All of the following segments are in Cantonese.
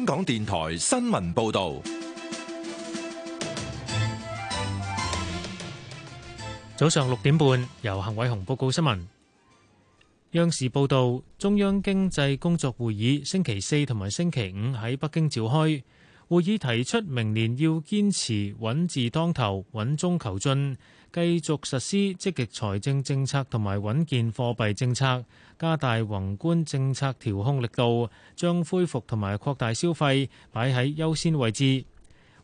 香港電台新聞報道，早上六點半由幸偉雄報告新聞。央視報道，中央經濟工作會議星期四同埋星期五喺北京召開。會議提出明年要堅持穩字當頭、穩中求進，繼續實施積極財政政策同埋穩健貨幣政策，加大宏觀政策調控力度，將恢復同埋擴大消費擺喺優先位置。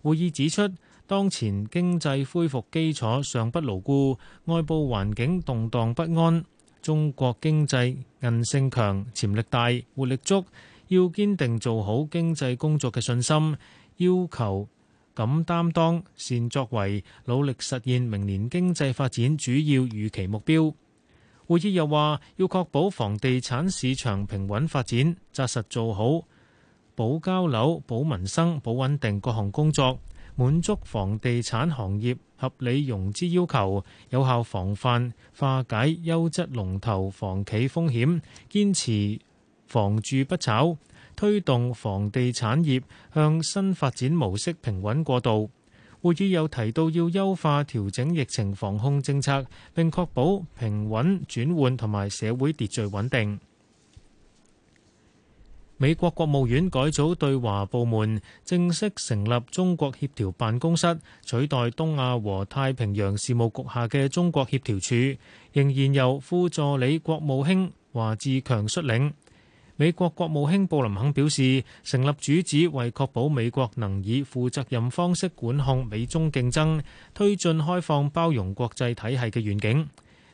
會議指出，當前經濟恢復基礎尚不牢固，外部環境動盪不安，中國經濟韌性強、潛力大、活力足。要堅定做好經濟工作嘅信心，要求敢擔當、善作為，努力實現明年經濟發展主要預期目標。會議又話要確保房地產市場平穩發展，扎實做好保交樓、保民生、保穩定各項工作，滿足房地產行業合理融資要求，有效防範化解優質龍頭房企風險，堅持房住不炒，推動房地產業向新發展模式平穩過渡。會議又提到要優化調整疫情防控政策，並確保平穩轉換同埋社會秩序穩定。美國國務院改組對華部門，正式成立中國協調辦公室，取代東亞和太平洋事務局下嘅中國協調處，仍然由副助理國務卿華志強率領。美國國務卿布林肯表示，成立主旨為確保美國能以負責任方式管控美中競爭，推進開放包容國際體系嘅願景。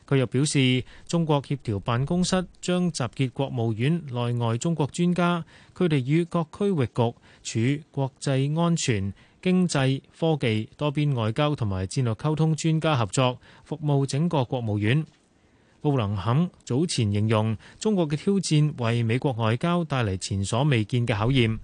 佢又表示，中國協調辦公室將集結國務院內外中國專家，佢哋與各區域局處、國際安全、經濟、科技、多邊外交同埋戰略溝通專家合作，服務整個國務院。布林肯早前形容，中國嘅挑戰為美國外交帶嚟前所未見嘅考驗。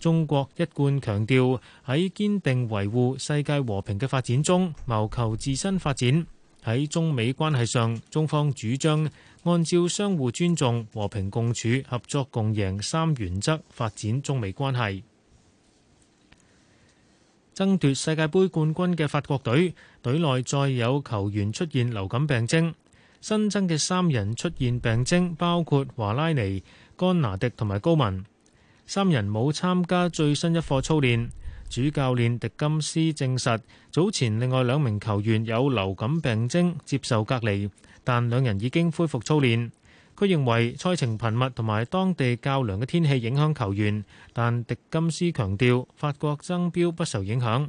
中國一貫強調喺堅定維護世界和平嘅發展中謀求自身發展。喺中美關係上，中方主張按照相互尊重、和平共處、合作共贏三原則發展中美關係。爭奪世界杯冠軍嘅法國隊，隊內再有球員出現流感病徵。新增嘅三人出現病徵，包括華拉尼、甘拿迪同埋高文。三人冇參加最新一課操練。主教練迪金斯證實，早前另外兩名球員有流感病徵，接受隔離，但兩人已經恢復操練。佢認為賽程頻密同埋當地較涼嘅天氣影響球員，但迪金斯強調法國爭標不受影響。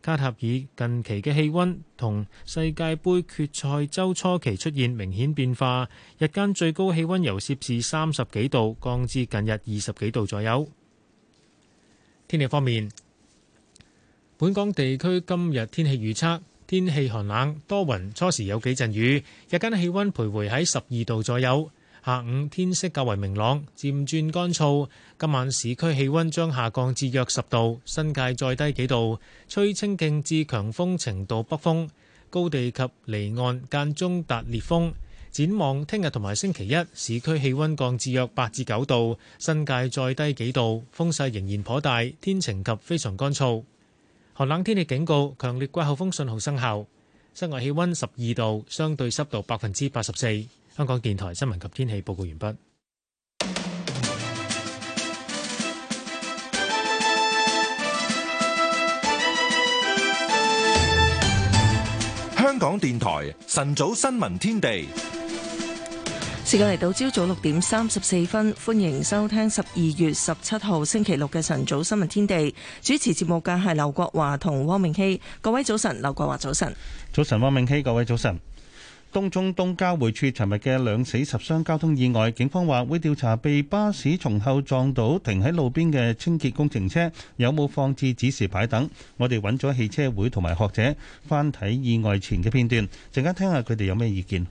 卡塔爾近期嘅氣温同世界盃決賽周初期出現明顯變化，日間最高氣溫由攝氏三十幾度，降至近日二十幾度左右。天氣方面，本港地區今日天氣預測，天氣寒冷，多雲，初時有幾陣雨，日間氣温徘徊喺十二度左右。下午天色較為明朗，漸轉乾燥。今晚市區氣温將下降至約十度，新界再低幾度，吹清勁至強風程度北風，高地及離岸間中達烈風。展望聽日同埋星期一，市區氣温降至約八至九度，新界再低幾度，風勢仍然頗大，天晴及非常乾燥。寒冷天氣警告，強烈季候風信號生效。室外氣溫十二度，相對濕度百分之八十四。香港電台新聞及天氣報告完畢。香港電台晨早新聞天地，時間嚟到朝早六點三十四分，歡迎收聽十二月十七號星期六嘅晨早新聞天地。主持節目嘅係劉國華同汪明熙，各位早晨，劉國華早晨，早晨，汪明熙，各位早晨。東中東交匯處，尋日嘅兩死十傷交通意外，警方話會調查被巴士從後撞到停喺路邊嘅清潔工程車，有冇放置指示牌等。我哋搵咗汽車會同埋學者，翻睇意外前嘅片段，陣間聽下佢哋有咩意見。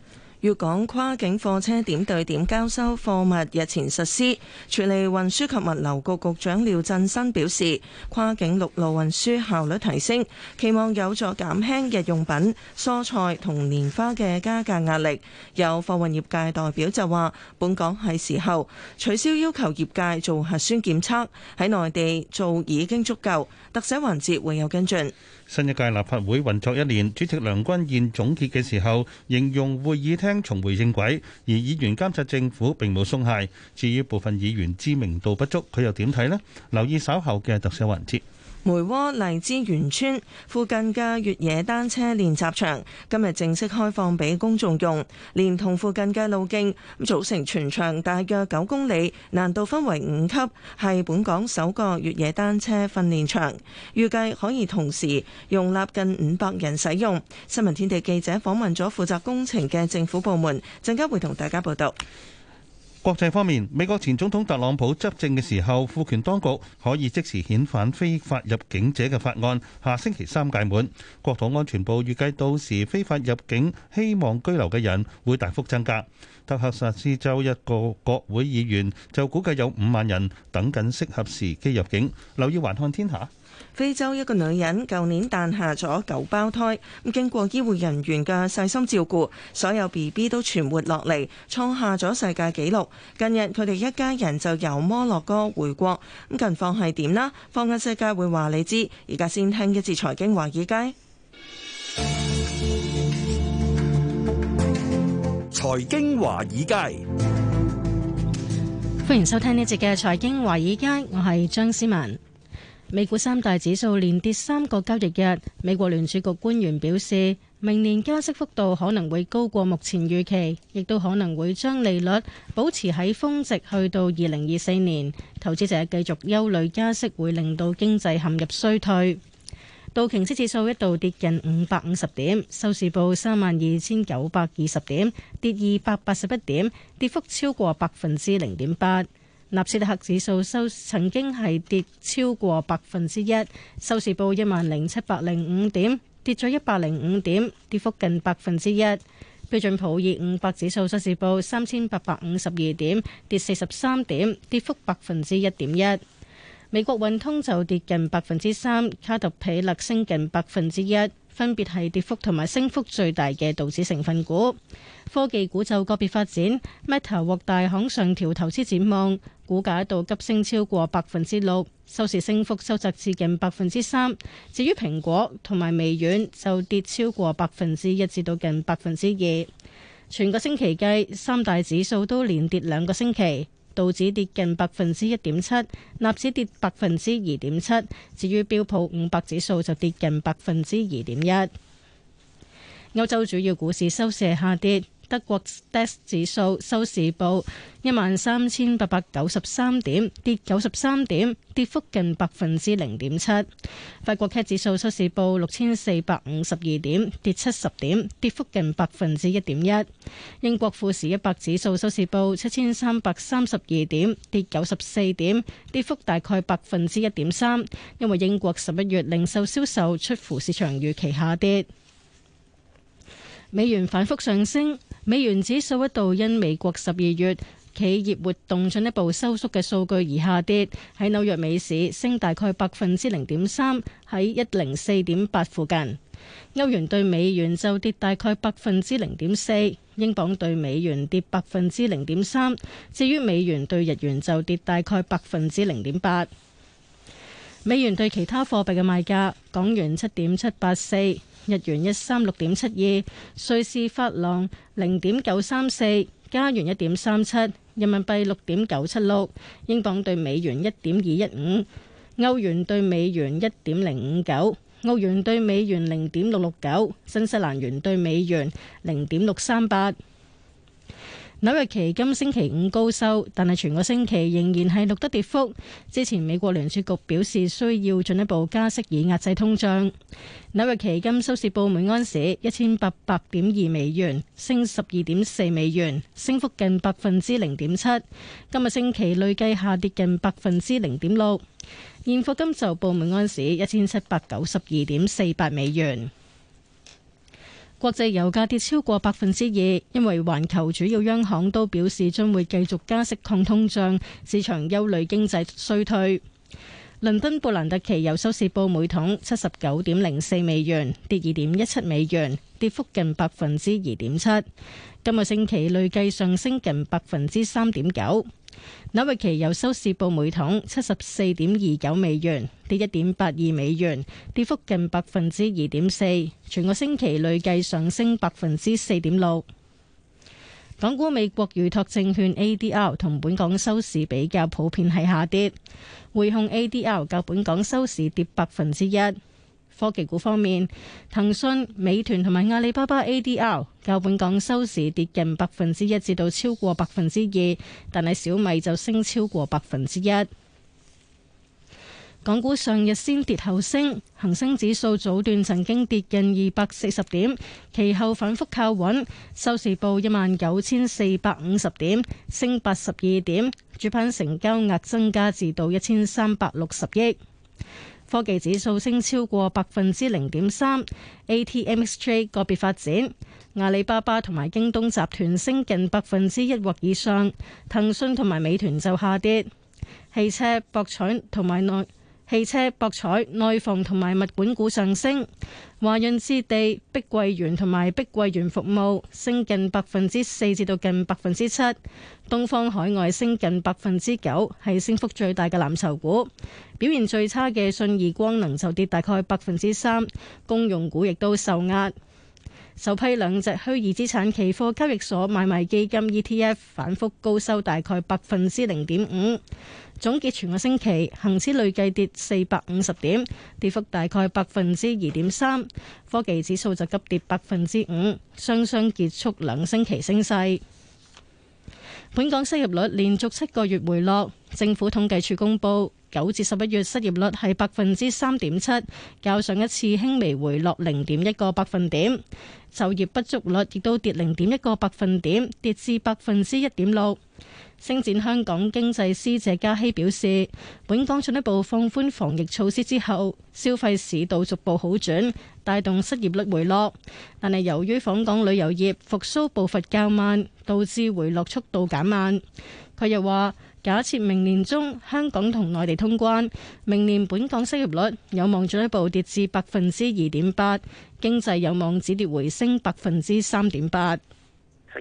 粵港跨境貨車點對點交收貨物，日前實施。處理運輸及物流局局長廖振新表示，跨境陸路運輸效率提升，期望有助減輕日用品、蔬菜同蓮花嘅加價壓力。有貨運業界代表就話本港係時候取消要求業界做核酸檢測，喺內地做已經足夠。特寫環節會有跟進。新一屆立法會運作一年，主席梁君彥總結嘅時候，形容會議廳重回正軌，而議員監察政府並冇鬆懈。至於部分議員知名度不足，佢又點睇呢？留意稍後嘅特寫環節。梅窩荔枝園村附近嘅越野單車練習場今日正式開放俾公眾用，連同附近嘅路徑咁組成全長大約九公里，難度分為五級，係本港首個越野單車訓練場，預計可以同時容納近五百人使用。新聞天地記者訪問咗負責工程嘅政府部門，陣間會同大家報道。國際方面，美國前總統特朗普執政嘅時候，賦權當局可以即時遣返非法入境者嘅法案下星期三屆滿，國土安全部預計到時非法入境希望居留嘅人會大幅增加。德克薩斯州一個國會議員就估計有五萬人等緊適合時機入境。留意環看天下。非洲一個女人舊年誕下咗九胞胎，咁經過醫護人員嘅細心照顧，所有 B B 都存活落嚟，創下咗世界紀錄。近日佢哋一家人就由摩洛哥回國，咁近況係點啦？放眼世界會話你知，而家先聽一次財經華爾街。財經華爾街，歡迎收聽呢節嘅財經華爾街，爾街我係張思文。美股三大指數連跌三個交易日。美國聯儲局官員表示，明年加息幅度可能會高過目前預期，亦都可能會將利率保持喺峰值去到二零二四年。投資者繼續憂慮加息會令到經濟陷入衰退。道瓊斯指數一度跌近五百五十點，收市報三萬二千九百二十點，跌二百八十一點，跌幅超過百分之零點八。納斯達克指數，收曾經係跌超過百分之一，收市報一萬零七百零五點，跌咗一百零五點，跌幅近百分之一。標準普爾五百指數收市報三千八百五十二點，跌四十三點，跌幅百分之一點一。美國運通就跌近百分之三，卡特彼勒升近百分之一，分別係跌幅同埋升幅最大嘅道指成分股。科技股就個別發展，Meta 獲大行上調投資展望。股價一度急升超過百分之六，收市升幅收窄至近百分之三。至於蘋果同埋微軟就跌超過百分之一至到近百分之二。全個星期計，三大指數都連跌兩個星期，道指跌近百分之一點七，納指跌百分之二點七，至於標普五百指數就跌近百分之二點一。歐洲主要股市收市下跌。德國 DAX 指數收市報一萬三千八百九十三點，跌九十三點，跌幅近百分之零點七。法國 CAC 指數收市報六千四百五十二點，跌七十點，跌幅近百分之一點一。英國富時一百指數收市報七千三百三十二點，跌九十四點，跌幅大概百分之一點三，因為英國十一月零售銷售出乎市場預期下跌。美元反復上升。美元指數一度因美國十二月企業活動進一步收縮嘅數據而下跌，喺紐約美市升大概百分之零點三，喺一零四點八附近。歐元對美元就跌大概百分之零點四，英鎊對美元跌百分之零點三，至於美元對日元就跌大概百分之零點八。美元對其他貨幣嘅賣價，港元七點七八四。日元一三六點七二，瑞士法郎零點九三四，加元一點三七，人民幣六點九七六，英鎊兌美元一點二一五，歐元兌美元一點零五九，澳元兌美元零點六六九，新西蘭元兌美元零點六三八。紐約期金星期五高收，但係全個星期仍然係錄得跌幅。之前美國聯儲局表示需要進一步加息以壓制通脹。紐約期金收市報每安士一千八百點二美元，升十二點四美元，升幅近百分之零點七。今個星期累計下跌近百分之零點六。現貨金就報每安士一千七百九十二點四八美元。國際油價跌超過百分之二，因為環球主要央行都表示將會繼續加息抗通脹，市場憂慮經濟衰退。倫敦布蘭特期油收市報每桶七十九點零四美元，跌二點一七美元，跌幅近百分之二點七。今個星期累計上升近百分之三點九。紐約期油收市報每桶七十四點二九美元，跌一點八二美元，跌幅近百分之二點四。全個星期累計上升百分之四點六。港股美國預託證券 ADR 同本港收市比較普遍係下跌，匯控 ADR 較本港收市跌百分之一。科技股方面，騰訊、美團同埋阿里巴巴 ADR 較本港收市跌近百分之一至到超過百分之二，但係小米就升超過百分之一。港股上日先跌後升，恒生指數早段曾經跌近二百四十點，其後反覆靠穩，收市報一萬九千四百五十點，升八十二點，主板成交額增加至到一千三百六十億。科技指數升超過百分之零點三，ATMXJ 個別發展，阿里巴巴同埋京東集團升近百分之一或以上，騰訊同埋美團就下跌，汽車、博彩同埋內。汽車、博彩、內房同埋物管股上升，華潤置地、碧桂園同埋碧桂園服務升近百分之四至到近百分之七，東方海外升近百分之九，係升幅最大嘅藍籌股。表現最差嘅信義光能就跌大概百分之三，公用股亦都受壓。首批兩隻虛擬資產期貨交易所買賣基金 ETF 反覆高收，大概百分之零點五。總結全個星期，恒指累計跌四百五十點，跌幅大概百分之二點三。科技指數就急跌百分之五，雙雙結束兩星期升勢。本港失業率連續七個月回落，政府統計處公布，九至十一月失業率係百分之三點七，較上一次輕微回落零點一個百分點。就業不足率亦都跌零點一個百分點，跌至百分之一點六。星展香港經濟師謝家熙表示，本港進一步放寬防疫措施之後，消費市道逐步好轉，帶動失業率回落。但係由於訪港旅遊業復甦步伐較慢，導致回落速度減慢。佢又話，假設明年中香港同內地通關，明年本港失業率有望進一步跌至百分之二點八，經濟有望止跌回升百分之三點八。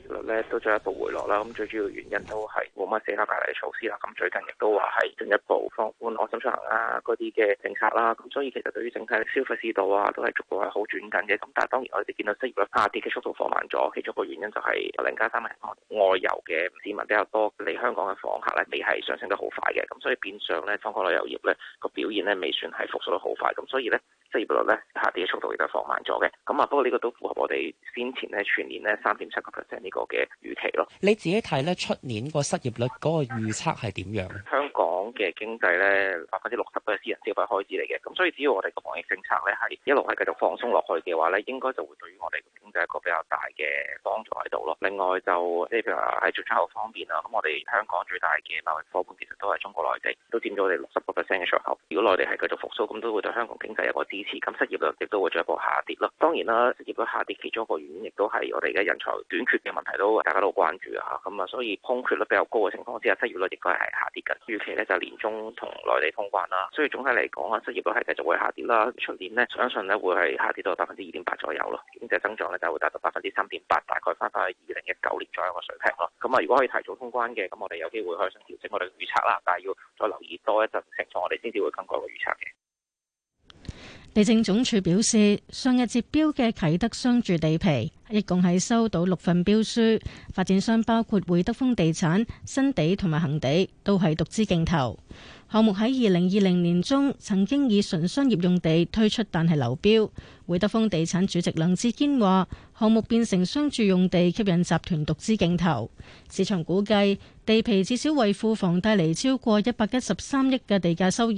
失業率咧都進一步回落啦，咁最主要原因都係冇乜社交距離嘅措施啦。咁最近亦都話係進一步放寬外省出行啊嗰啲嘅政策啦。咁所以其實對於整體消費市道啊都係逐步係好轉緊嘅。咁但係當然我哋見到失業率下跌嘅速度放慢咗，其中個原因就係零加三萬外遊嘅市民比較多，嚟香港嘅訪客咧未係上升得好快嘅。咁所以變相咧香港旅遊業咧個表現咧未算係復甦得好快。咁所以咧失業率咧下跌嘅速度亦都放慢咗嘅。咁啊不過呢個都符合我哋先前咧全年咧三點七個 percent。呢個嘅預期咯，你自己睇咧，出年個失業率嗰個預測係點樣？香港嘅經濟咧，百分之六十都係私人消費開支嚟嘅，咁所以只要我哋個防疫政策咧係一路係繼續放鬆落去嘅話咧，應該就會對於我哋嘅經濟一個比較大嘅幫助喺度咯。另外就即係譬如話喺出口方面啊，咁我哋香港最大嘅貿易夥伴其實都係中國內地，都佔咗我哋六十個 percent 嘅出口。如果內地係繼續復甦，咁都會對香港經濟有個支持，咁失業率亦都會進一步下跌咯。當然啦，失業率下跌其中一個原因亦都係我哋而家人才短缺嘅問題，都大家都好關注啊。咁啊，所以空缺率比較高嘅情況之下，失業率應該係下跌緊。預期咧就，年中同內地通關啦，所以總體嚟講啊，失業率係繼續會下跌啦。出年呢，相信呢會係下跌到百分之二點八左右咯。經濟增長咧就會達到百分之三點八，大概翻返去二零一九年左右嘅水平咯。咁、嗯、啊，如果可以提早通關嘅，咁我哋有機會可以調整我哋嘅預測啦。但係要再留意多一陣情況，我哋先至會更改個預測嘅。地政總署表示，上日接標嘅啟德商住地皮，一共係收到六份標書，發展商包括匯德豐地產、新地同埋恒地，都係獨資競投。項目喺二零二零年中曾經以純商業用地推出，但係流標。匯德豐地產主席梁志堅話，項目變成商住用地，吸引集團獨資競投。市場估計地皮至少為庫房帶嚟超過一百一十三億嘅地價收入，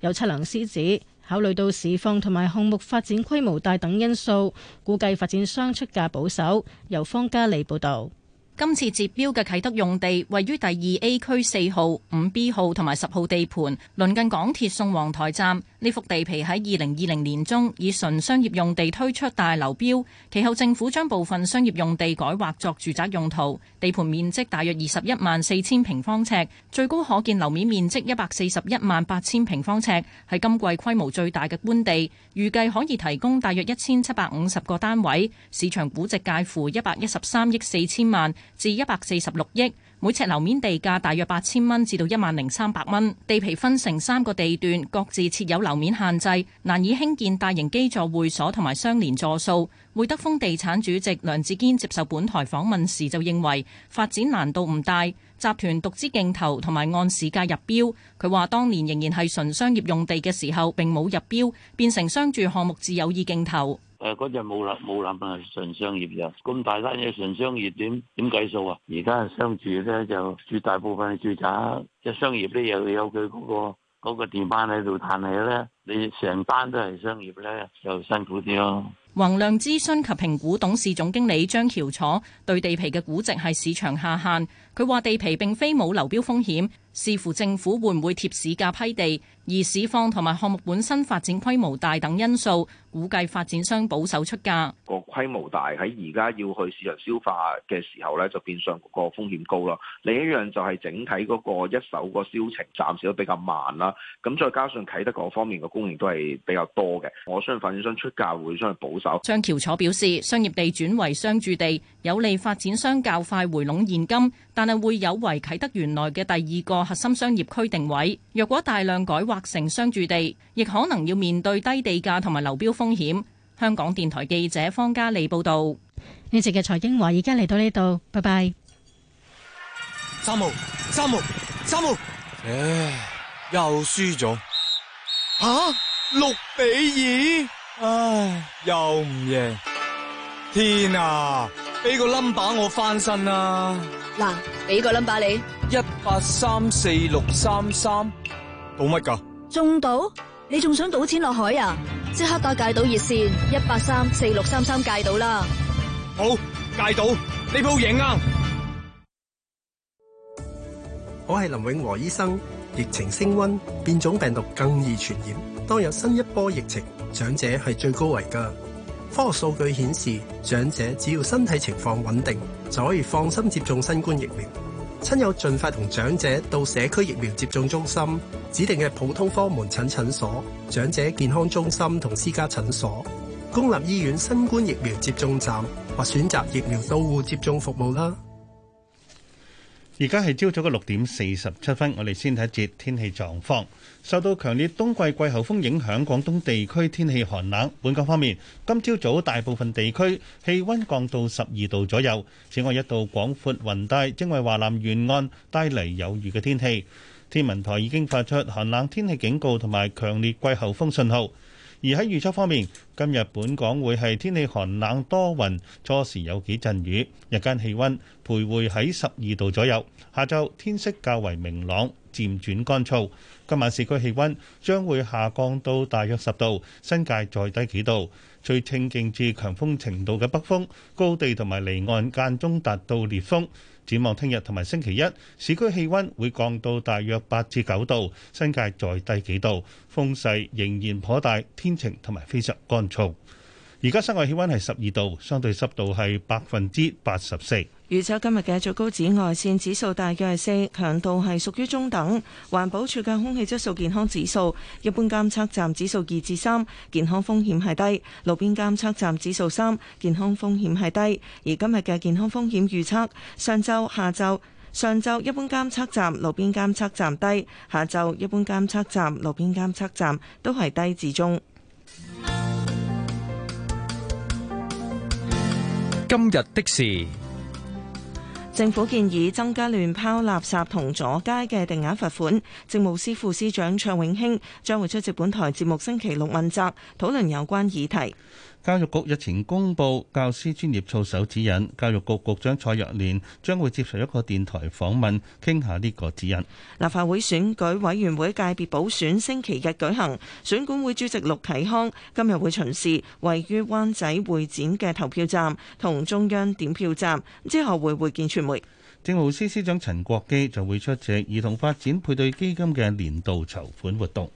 有測量師指，考慮到市況同埋項目發展規模大等因素，估計發展商出價保守。由方家利報道，今次接標嘅啟德用地位於第二 A 區四號、五 B 號同埋十號地盤，鄰近港鐵宋皇台站。呢幅地皮喺二零二零年中以純商業用地推出，但流標，其後政府將部分商業用地改劃作住宅用途，地盤面積大約二十一萬四千平方尺，最高可見樓面面積一百四十一萬八千平方尺，係今季規模最大嘅官地，預計可以提供大約一千七百五十個單位，市場估值介乎一百一十三億四千萬至一百四十六億。每尺樓面地價大約八千蚊至到一萬零三百蚊，地皮分成三個地段，各自設有樓面限制，難以興建大型基座會所同埋相連座數。滙德豐地產主席梁志堅接受本台訪問時就認為發展難度唔大，集團獨資競投同埋按市價入標。佢話當年仍然係純商業用地嘅時候，並冇入標，變成商住項目，自有意競投。誒嗰，只冇諗冇諗啊，純商業咋？咁大單嘢純商業點點計數啊？而家係商住咧，就絕大部分係住宅，即商業啲又有佢嗰個個嗰電班喺度彈起咧，你成單都係商業咧就辛苦啲咯。宏亮諮詢及評估董事總經理張翹楚對地皮嘅估值係市場下限。佢話地皮並非冇流標風險，視乎政府會唔會貼市價批地，而市況同埋項目本身發展規模大等因素，估計發展商保守出價。個規模大喺而家要去市場消化嘅時候呢就變相個風險高啦。另一樣就係整體嗰個一手個銷情暫時都比較慢啦。咁再加上啟德嗰方面嘅供應都係比較多嘅，我相信發展商出價會相對保守。張橋楚表示，商業地轉為商住地有利發展商較快回籠現金，但係會有違啟德原來嘅第二個核心商業區定位。若果大量改劃成商住地，亦可能要面對低地價同埋流標風險。香港電台記者方嘉利報道。呢集嘅財經話而家嚟到呢度，拜拜。三毛，三毛，三毛，唉，又輸咗。吓，六比二，唉，又唔贏。天啊，俾個 number 我翻身啊！嗱，畀個 number 你？一八三四六三三，賭乜噶？中到？你仲想賭錢落海啊？即刻打戒賭熱線一八三四六三三戒賭啦！好，戒賭你鋪贏啊！我係林永和醫生，疫情升溫，變種病毒更易傳染。當有新一波疫情，長者係最高危噶。科學數據顯示，長者只要身體情況穩定。就可以放心接種新冠疫苗。親友盡快同長者到社區疫苗接種中心、指定嘅普通科門診診所、長者健康中心同私家診所、公立醫院新冠疫苗接種站或選擇疫苗到戶接種服務啦。而家係朝早嘅六點四十七分，我哋先睇一節天氣狀況。受到強烈冬季季候風影響，廣東地區天氣寒冷。本港方面，今朝早、早大部分地區氣溫降到十二度左右，此外一道廣闊雲帶正為華南沿岸帶嚟有雨嘅天氣。天文台已經發出寒冷天氣警告同埋強烈季候風信號。而喺預測方面，今日本港會係天氣寒冷多雲，初時有幾陣雨，日間氣温徘徊喺十二度左右。下晝天色較為明朗，漸轉乾燥。今晚市區氣温將會下降到大約十度，新界再低幾度。最清勁至強風程度嘅北風，高地同埋離岸間中達到烈風。展望聽日同埋星期一，市區氣溫會降到大約八至九度，新界再低幾度，風勢仍然頗大，天晴同埋非常乾燥。而家室外氣溫係十二度，相對濕度係百分之八十四。預測今日嘅最高紫外線指數大約係四，強度係屬於中等。環保署嘅空氣質素健康指數一般監測站指數二至三，健康風險係低；路邊監測站指數三，健康風險係低。而今日嘅健康風險預測，上晝下晝上晝一般監測站、路邊監測站低，下晝一般監測站、路邊監測站都係低至中。今日的事，政府建議增加亂拋垃圾同阻街嘅定額罰款。政務司副司長卓永興將會出席本台節目星期六問責，討論有關議題。教育局日前公布教師專業操守指引，教育局局長蔡若蓮將會接受一個電台訪問，傾下呢個指引。立法會選舉委員會界別補選星期日舉行，選管會主席陸啟康今日會巡視位於灣仔會展嘅投票站同中央點票站，之後會會見傳媒。政務司司長陳國基就會出席兒童發展配對基金嘅年度籌款活動。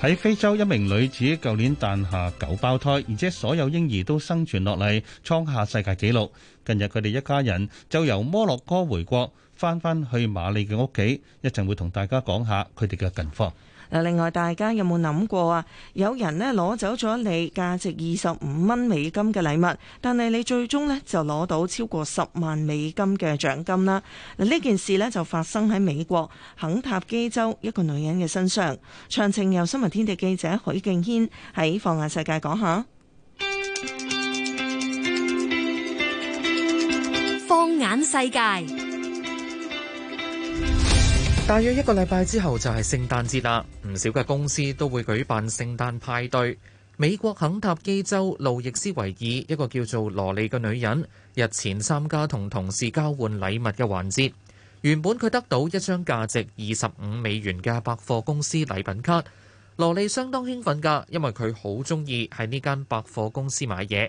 喺非洲，一名女子舊年誕下九胞胎，而且所有嬰兒都生存落嚟，創下世界紀錄。近日佢哋一家人就由摩洛哥回國返回，翻返去馬里嘅屋企。一陣會同大家講下佢哋嘅近況。另外，大家有冇諗過啊？有人咧攞走咗你價值二十五蚊美金嘅禮物，但係你最終咧就攞到超過十萬美金嘅獎金啦！嗱，呢件事咧就發生喺美國肯塔基州一個女人嘅身上。詳情由新聞天地記者許敬軒喺放眼世界講下。放眼世界。說說大約一個禮拜之後就係聖誕節啦，唔少嘅公司都會舉辦聖誕派對。美國肯塔基州路易斯維爾一個叫做羅莉嘅女人日前參加同同事交換禮物嘅環節，原本佢得到一張價值二十五美元嘅百貨公司禮品卡。羅莉相當興奮㗎，因為佢好中意喺呢間百貨公司買嘢。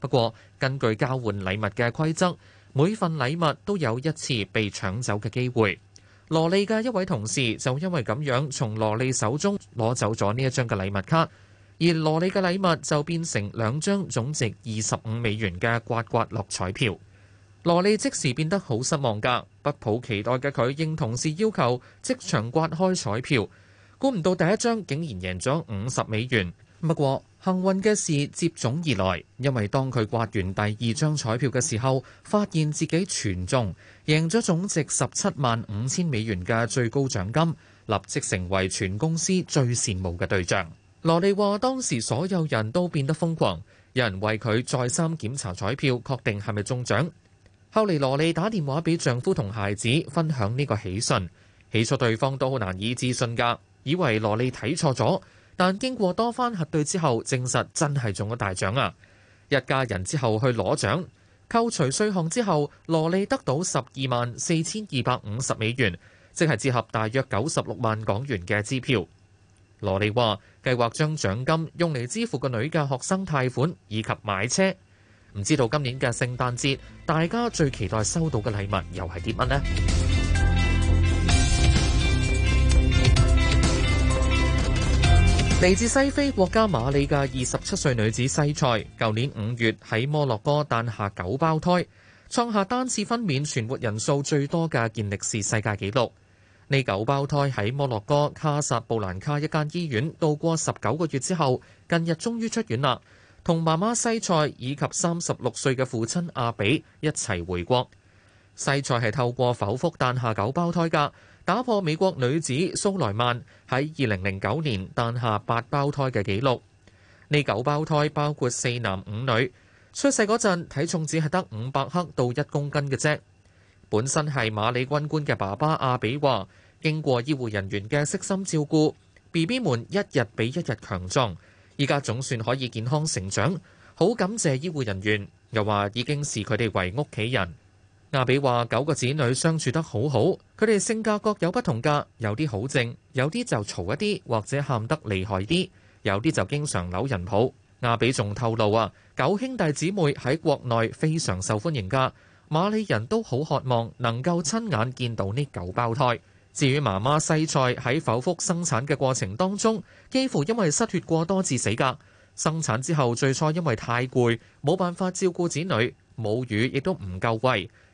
不過，根據交換禮物嘅規則，每份禮物都有一次被搶走嘅機會。羅莉嘅一位同事就因為咁樣，從羅莉手中攞走咗呢一張嘅禮物卡，而羅莉嘅禮物就變成兩張總值二十五美元嘅刮刮樂彩票。羅莉即時變得好失望㗎，不抱期待嘅佢應同事要求即場刮開彩票，估唔到第一張竟然贏咗五十美元。不過幸運嘅事接踵而來，因為當佢刮完第二張彩票嘅時候，發現自己全中。贏咗總值十七萬五千美元嘅最高獎金，立即成為全公司最羨慕嘅對象。羅莉話：當時所有人都變得瘋狂，有人為佢再三檢查彩票，確定係咪中獎。後嚟羅莉打電話俾丈夫同孩子分享呢個喜訊，起初對方都好難以置信㗎，以為羅莉睇錯咗。但經過多番核對之後，證實真係中咗大獎啊！一家人之後去攞獎。扣除稅項之後，羅莉得到十二萬四千二百五十美元，即係折合大約九十六萬港元嘅支票。羅莉話計劃將獎金用嚟支付個女嘅學生貸款以及買車。唔知道今年嘅聖誕節，大家最期待收到嘅禮物又係啲乜呢？嚟自西非國家馬里嘅二十七歲女子西塞，舊年五月喺摩洛哥誕下九胞胎，創下單次分娩存活人數最多嘅健力士世界紀錄。呢九胞胎喺摩洛哥卡薩布蘭卡一間醫院度過十九個月之後，近日終於出院啦，同媽媽西塞以及三十六歲嘅父親阿比一齊回國。西塞係透過剖腹誕下九胞胎㗎。打破美國女子蘇萊曼喺二零零九年誕下八胞胎嘅記錄，呢九胞胎包括四男五女，出世嗰陣體重只係得五百克到一公斤嘅啫。本身係馬里軍官嘅爸爸阿比話，經過醫護人員嘅悉心照顧，BB 們一日比一日強壯，依家總算可以健康成長，好感謝醫護人員，又話已經視佢哋為屋企人。阿比話：九個子女相處得好好，佢哋性格各有不同噶，有啲好靜，有啲就嘈一啲，或者喊得厲害啲，有啲就經常扭人抱。阿比仲透露啊，九兄弟姊妹喺國內非常受歡迎噶，馬里人都好渴望能夠親眼見到呢九胞胎。至於媽媽西菜喺剖腹生產嘅過程當中，幾乎因為失血過多致死噶。生產之後，最初因為太攰，冇辦法照顧子女，母乳亦都唔夠餵。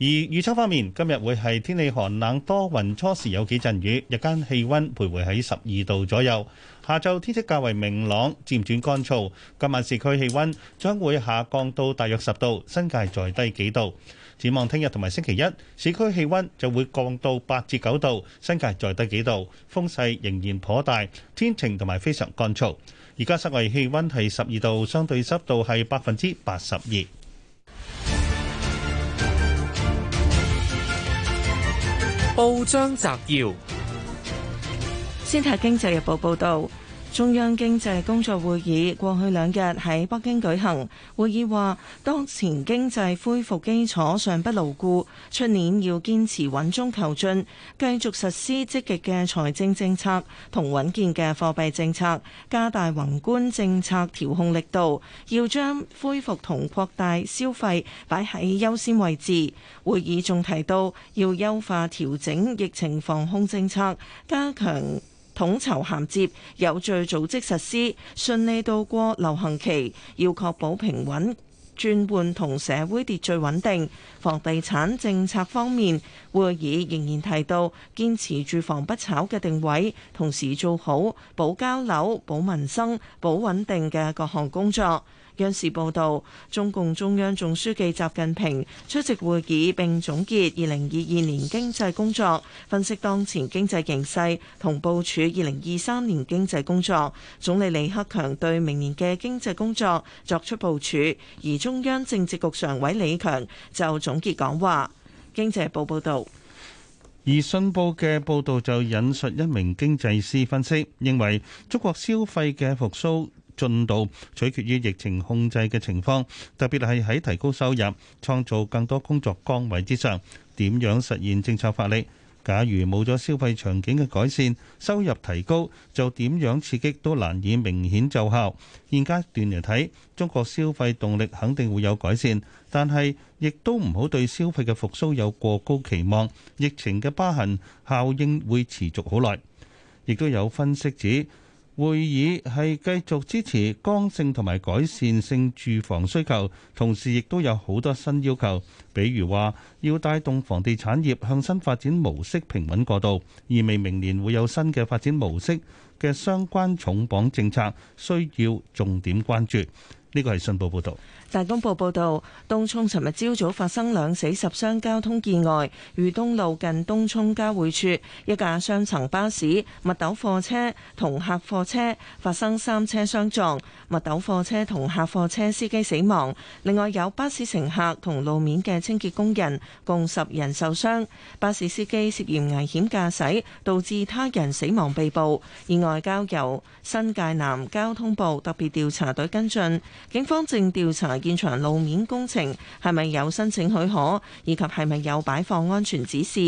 而預測方面，今日會係天氣寒冷多雲，雲初時有幾陣雨，日間氣温徘徊喺十二度左右。下晝天色較為明朗，漸轉乾燥。今晚市區氣温將會下降到大約十度，新界再低幾度。展望聽日同埋星期一，市區氣温就會降到八至九度，新界再低幾度。風勢仍然頗大，天晴同埋非常乾燥。而家室外氣温係十二度，相對濕度係百分之八十二。報章摘要：先睇《經濟日報》報道。中央經濟工作會議過去兩日喺北京舉行。會議話，當前經濟恢復基礎尚不牢固，出年要堅持穩中求進，繼續實施積極嘅財政政策同穩健嘅貨幣政策，加大宏觀政策調控力度，要將恢復同擴大消費擺喺優先位置。會議仲提到，要優化調整疫情防控政策，加強統籌銜接，有序組織實施，順利度過流行期，要確保平穩轉換同社會秩序穩定。房地產政策方面，會議仍然提到堅持住房不炒嘅定位，同時做好保交樓、保民生、保穩定嘅各項工作。央視報道，中共中央總書記習近平出席會議並總結二零二二年經濟工作，分析當前經濟形勢同部署二零二三年經濟工作。總理李克強對明年嘅經濟工作作出部署，而中央政治局常委李強就總結講話。經濟報報道，而信報嘅報道就引述一名經濟師分析，認為中國消費嘅復甦。進度取決於疫情控制嘅情況，特別係喺提高收入、創造更多工作崗位之上，點樣實現政策發力？假如冇咗消費場景嘅改善，收入提高，就點樣刺激都難以明顯奏效。現階段嚟睇，中國消費動力肯定會有改善，但係亦都唔好對消費嘅復甦有過高期望。疫情嘅疤痕效應會持續好耐。亦都有分析指。會議係繼續支持剛性同埋改善性住房需求，同時亦都有好多新要求，比如話要帶動房地產業向新發展模式平穩過渡，意味明年會有新嘅發展模式嘅相關重磅政策需要重點關注。呢個係信報報導。大公報報導，東涌尋日朝早發生兩死十傷交通意外，裕東路近東涌交匯處，一架雙層巴士、密斗貨車同客貨車發生三車相撞，密斗貨車同客貨車司機死亡，另外有巴士乘客同路面嘅清潔工人共十人受傷，巴士司機涉嫌危險駕駛導致他人死亡被捕，意外交由新界南交通部特別調查隊跟進，警方正調查。現場路面工程係咪有申請許可，以及係咪有擺放安全指示？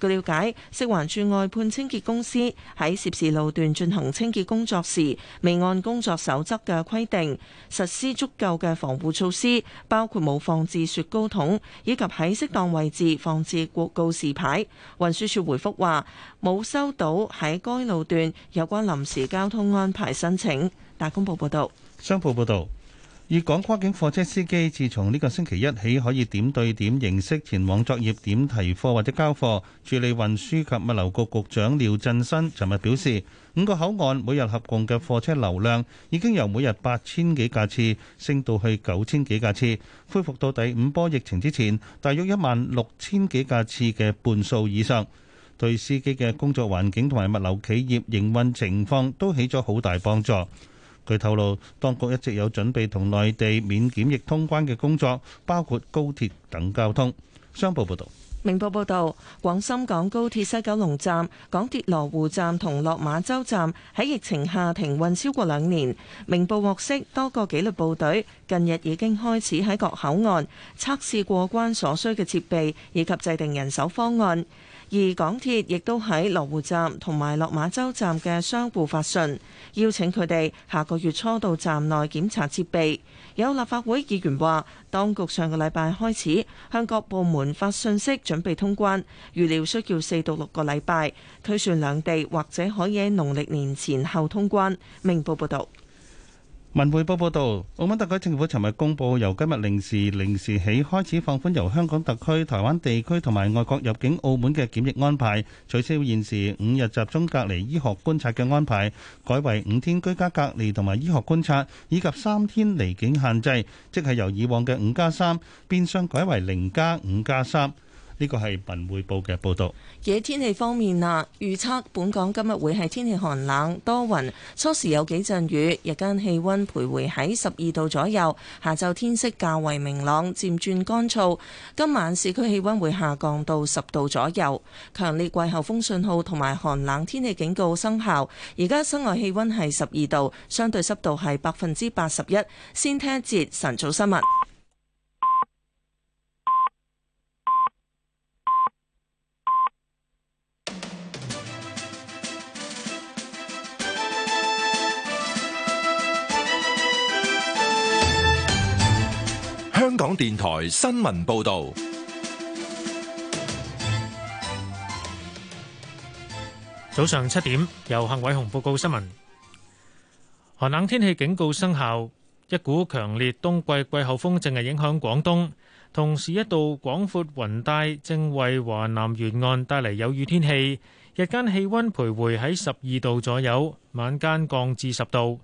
據了解，食環處外判清潔公司喺涉事路段進行清潔工作時，未按工作守則嘅規定實施足夠嘅防護措施，包括冇放置雪糕桶，以及喺適當位置放置告示牌。運輸處回覆話，冇收到喺該路段有關臨時交通安排申請。大公報報道。商報報導。粵港跨境貨車司機自從呢個星期一起可以點對點形式前往作業點提貨或者交貨，署理運輸及物流局局長廖振新尋日表示，五個口岸每日合共嘅貨車流量已經由每日八千幾架次升到去九千幾架次，恢復到第五波疫情之前大約一萬六千幾架次嘅半數以上，對司機嘅工作環境同埋物流企業營運情況都起咗好大幫助。據透露，當局一直有準備同內地免檢疫通關嘅工作，包括高鐵等交通。商報報道，明報報道，廣深港高鐵西九龍站、港鐵羅湖站同落馬洲站喺疫情下停運超過兩年。明報獲悉，多個紀律部隊近日已經開始喺各口岸測試過關所需嘅設備，以及制定人手方案。而港鐵亦都喺羅湖站同埋落馬洲站嘅商戶發信，邀請佢哋下個月初到站內檢查設備。有立法會議員話，當局上個禮拜開始向各部門發信息，準備通關，預料需要四到六個禮拜，推算兩地或者可以喺農曆年前後通關。明報報道。文匯報報道，澳門特區政府尋日公布，由今日零時零時起開始放寬由香港特區、台灣地區同埋外國入境澳門嘅檢疫安排，取消現時五日集中隔離醫學觀察嘅安排，改為五天居家隔離同埋醫學觀察，以及三天離境限制，即係由以往嘅五加三變相改為零加五加三。呢個係文匯報嘅報導。嘢天氣方面啊，預測本港今日會係天氣寒冷多雲，初時有幾陣雨，日間氣温徘徊喺十二度左右。下晝天色較為明朗，漸轉乾燥。今晚市區氣温會下降到十度左右。強烈季候風信號同埋寒冷天氣警告生效。而家室外氣温係十二度，相對濕度係百分之八十一。先聽一節晨早新聞。香港電台新聞報道，早上七點，由幸偉雄報告新聞。寒冷天氣警告生效，一股強烈冬季季候風正係影響廣東，同時一道廣闊雲帶正為華南沿岸帶嚟有雨天氣。日間氣溫徘徊喺十二度左右，晚間降至十度。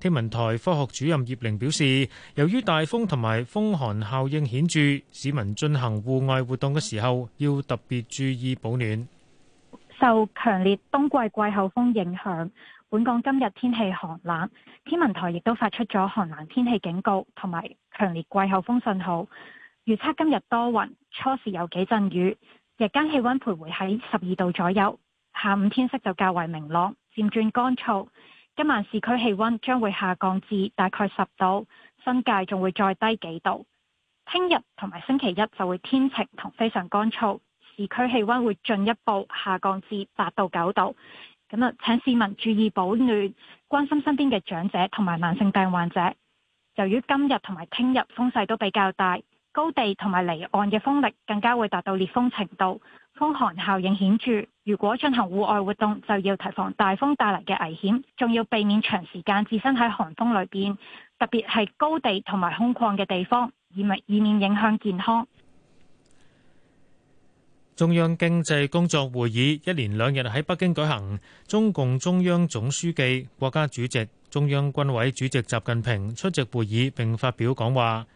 天文台科學主任葉玲表示，由於大風同埋風寒效應顯著，市民進行戶外活動嘅時候要特別注意保暖。受強烈冬季季候風影響，本港今日天氣寒冷，天文台亦都發出咗寒冷天氣警告同埋強烈季候風信號。預測今日多雲，初時有幾陣雨，日間氣溫徘徊喺十二度左右。下午天色就較為明朗，漸轉乾燥。今晚市區氣溫將會下降至大概十度，新界仲會再低幾度。聽日同埋星期一就會天晴同非常乾燥，市區氣溫會進一步下降至八到九度。咁啊，請市民注意保暖，關心身邊嘅長者同埋慢性病患者。由於今日同埋聽日風勢都比較大。高地同埋離岸嘅風力更加會達到烈風程度，風寒效應顯著。如果進行戶外活動，就要提防大風帶嚟嘅危險，仲要避免長時間置身喺寒風裏邊，特別係高地同埋空曠嘅地方，以免影響健康。中央經濟工作會議一連兩日喺北京舉行，中共中央總書記、國家主席、中央軍委主席習近平出席會議並發表講話。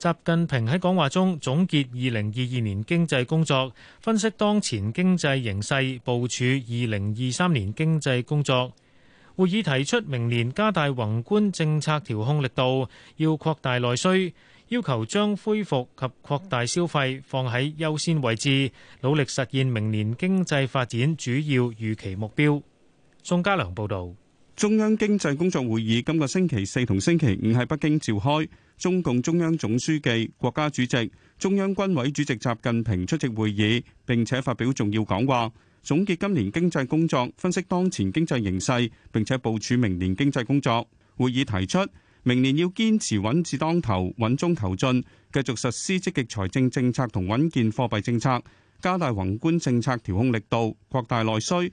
習近平喺講話中總結二零二二年經濟工作，分析當前經濟形勢，部署二零二三年經濟工作。會議提出明年加大宏觀政策調控力度，要擴大內需，要求將恢復及擴大消費放喺優先位置，努力實現明年經濟發展主要預期目標。宋家良報道。中央經濟工作會議今個星期四同星期五喺北京召開，中共中央總書記、國家主席、中央軍委主席習近平出席會議，並且發表重要講話，總結今年經濟工作，分析當前經濟形勢，並且部署明年經濟工作。會議提出，明年要堅持穩字當頭、穩中求進，繼續實施積極財政政策同穩健貨幣政策，加大宏觀政策調控力度，擴大內需。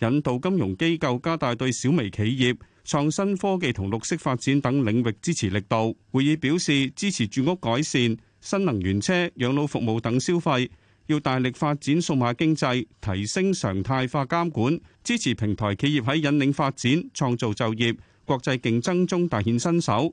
引導金融機構加大對小微企業、創新科技同綠色發展等領域支持力度。會議表示支持住屋改善、新能源車、養老服務等消費，要大力發展數碼經濟，提升常態化監管，支持平台企業喺引領發展、創造就業、國際競爭中大顯身手。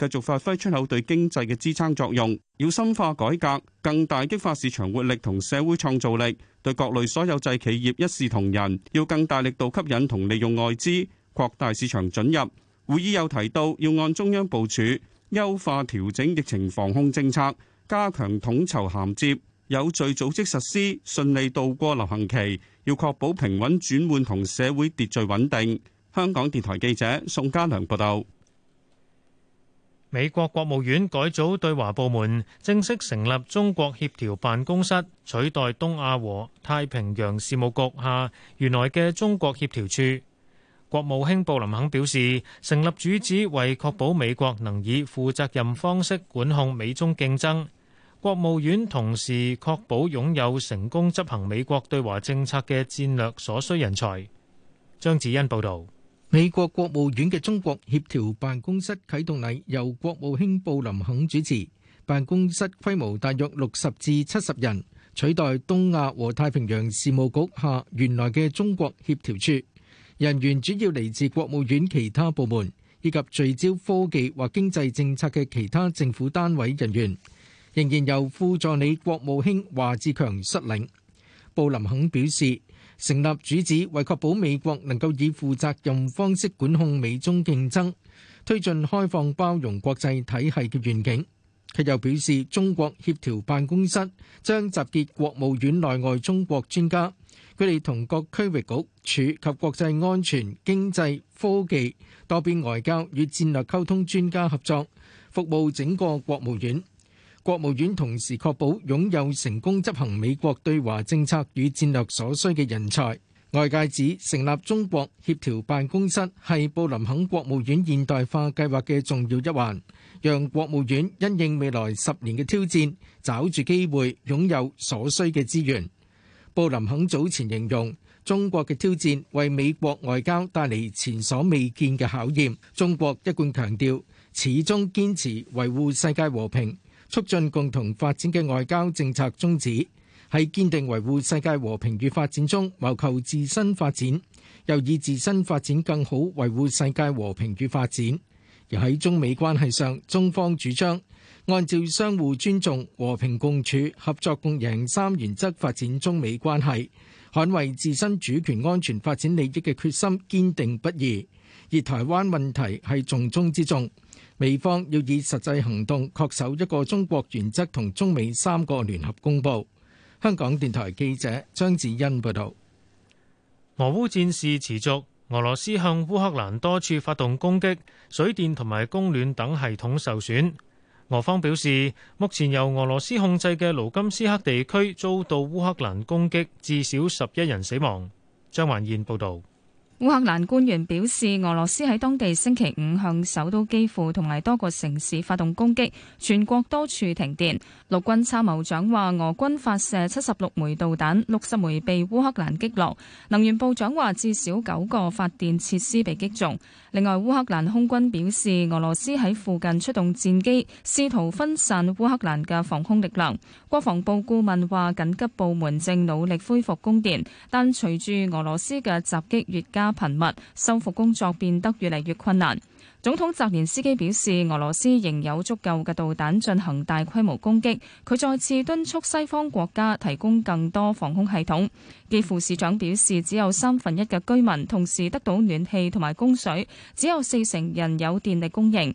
繼續發揮出口對經濟嘅支撐作用，要深化改革，更大激發市場活力同社會創造力，對各類所有制企業一視同仁，要更大力度吸引同利用外資，擴大市場准入。會議又提到，要按中央部署，優化調整疫情防控政策，加強統籌銜接，有序組織實施，順利度過流行期，要確保平穩轉換同社會秩序穩定。香港電台記者宋家良報道。美國國務院改組對華部門，正式成立中國協調辦公室，取代東亞和太平洋事務局下原來嘅中國協調處。國務卿布林肯表示，成立主旨為確保美國能以負責任方式管控美中競爭，國務院同時確保擁有成功執行美國對華政策嘅戰略所需人才。張子欣報道。美國國務院嘅中國協調辦公室啟動禮由國務卿布林肯主持，辦公室規模大約六十至七十人，取代東亞和太平洋事務局下原來嘅中國協調處。人員主要嚟自國務院其他部門，以及聚焦科技或經濟政策嘅其他政府單位人員，仍然由副助理國務卿華志強率領。布林肯表示，成立主旨為確保美國能夠以負責任方式管控美中競爭，推進開放包容國際體系嘅願景。佢又表示，中國協調辦公室將集結國務院內外中國專家，佢哋同各區域局處及國際安全、經濟、科技、多邊外交與戰略溝通專家合作，服務整個國務院。國務院同時確保擁有成功執行美國對華政策與戰略所需嘅人才。外界指成立中國協調辦公室係布林肯國務院現代化計劃嘅重要一環，讓國務院因應未來十年嘅挑戰，抓住機會擁有所需嘅資源。布林肯早前形容，中國嘅挑戰為美國外交帶嚟前所未見嘅考驗。中國一貫強調，始終堅持維護世界和平，促進共同發展嘅外交政策宗旨喺堅定維護世界和平與發展中謀求自身發展，又以自身發展更好維護世界和平與發展。而喺中美關係上，中方主張按照相互尊重、和平共處、合作共贏三原則發展中美關係，捍衛自身主權安全發展利益嘅決心堅定不移。而台灣問題係重中之重。美方要以實際行動恪守一個中國原則同中美三個聯合公布。香港電台記者張子欣報道。俄烏戰事持續，俄羅斯向烏克蘭多處發動攻擊，水電同埋供暖等系統受損。俄方表示，目前由俄羅斯控制嘅盧金斯克地區遭到烏克蘭攻擊，至少十一人死亡。張環燕報道。烏克蘭官員表示，俄羅斯喺當地星期五向首都基輔同埋多個城市發動攻擊，全國多處停電。陸軍參謀長話，俄軍發射七十六枚導彈，六十枚被烏克蘭擊落。能源部長話，至少九個發電設施被擊中。另外，烏克蘭空軍表示，俄羅斯喺附近出動戰機，試圖分散烏克蘭嘅防空力量。國防部顧問話，緊急部門正努力恢復供電，但隨住俄羅斯嘅襲擊越加。頻密，修復工作變得越嚟越困難。總統澤連斯基表示，俄羅斯仍有足夠嘅導彈進行大規模攻擊。佢再次敦促西方國家提供更多防空系統。基輔市長表示，只有三分一嘅居民同時得到暖氣同埋供水，只有四成人有電力供應。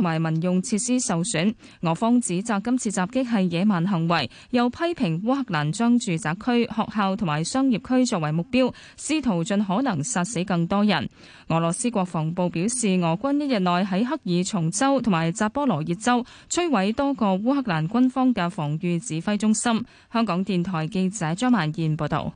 同埋民用設施受損，俄方指責今次襲擊係野蠻行為，又批評烏克蘭將住宅區、學校同埋商業區作為目標，試圖盡可能殺死更多人。俄羅斯國防部表示，俄軍一日內喺克爾松州同埋扎波羅熱州摧毀多個烏克蘭軍方嘅防禦指揮中心。香港電台記者張萬燕報道。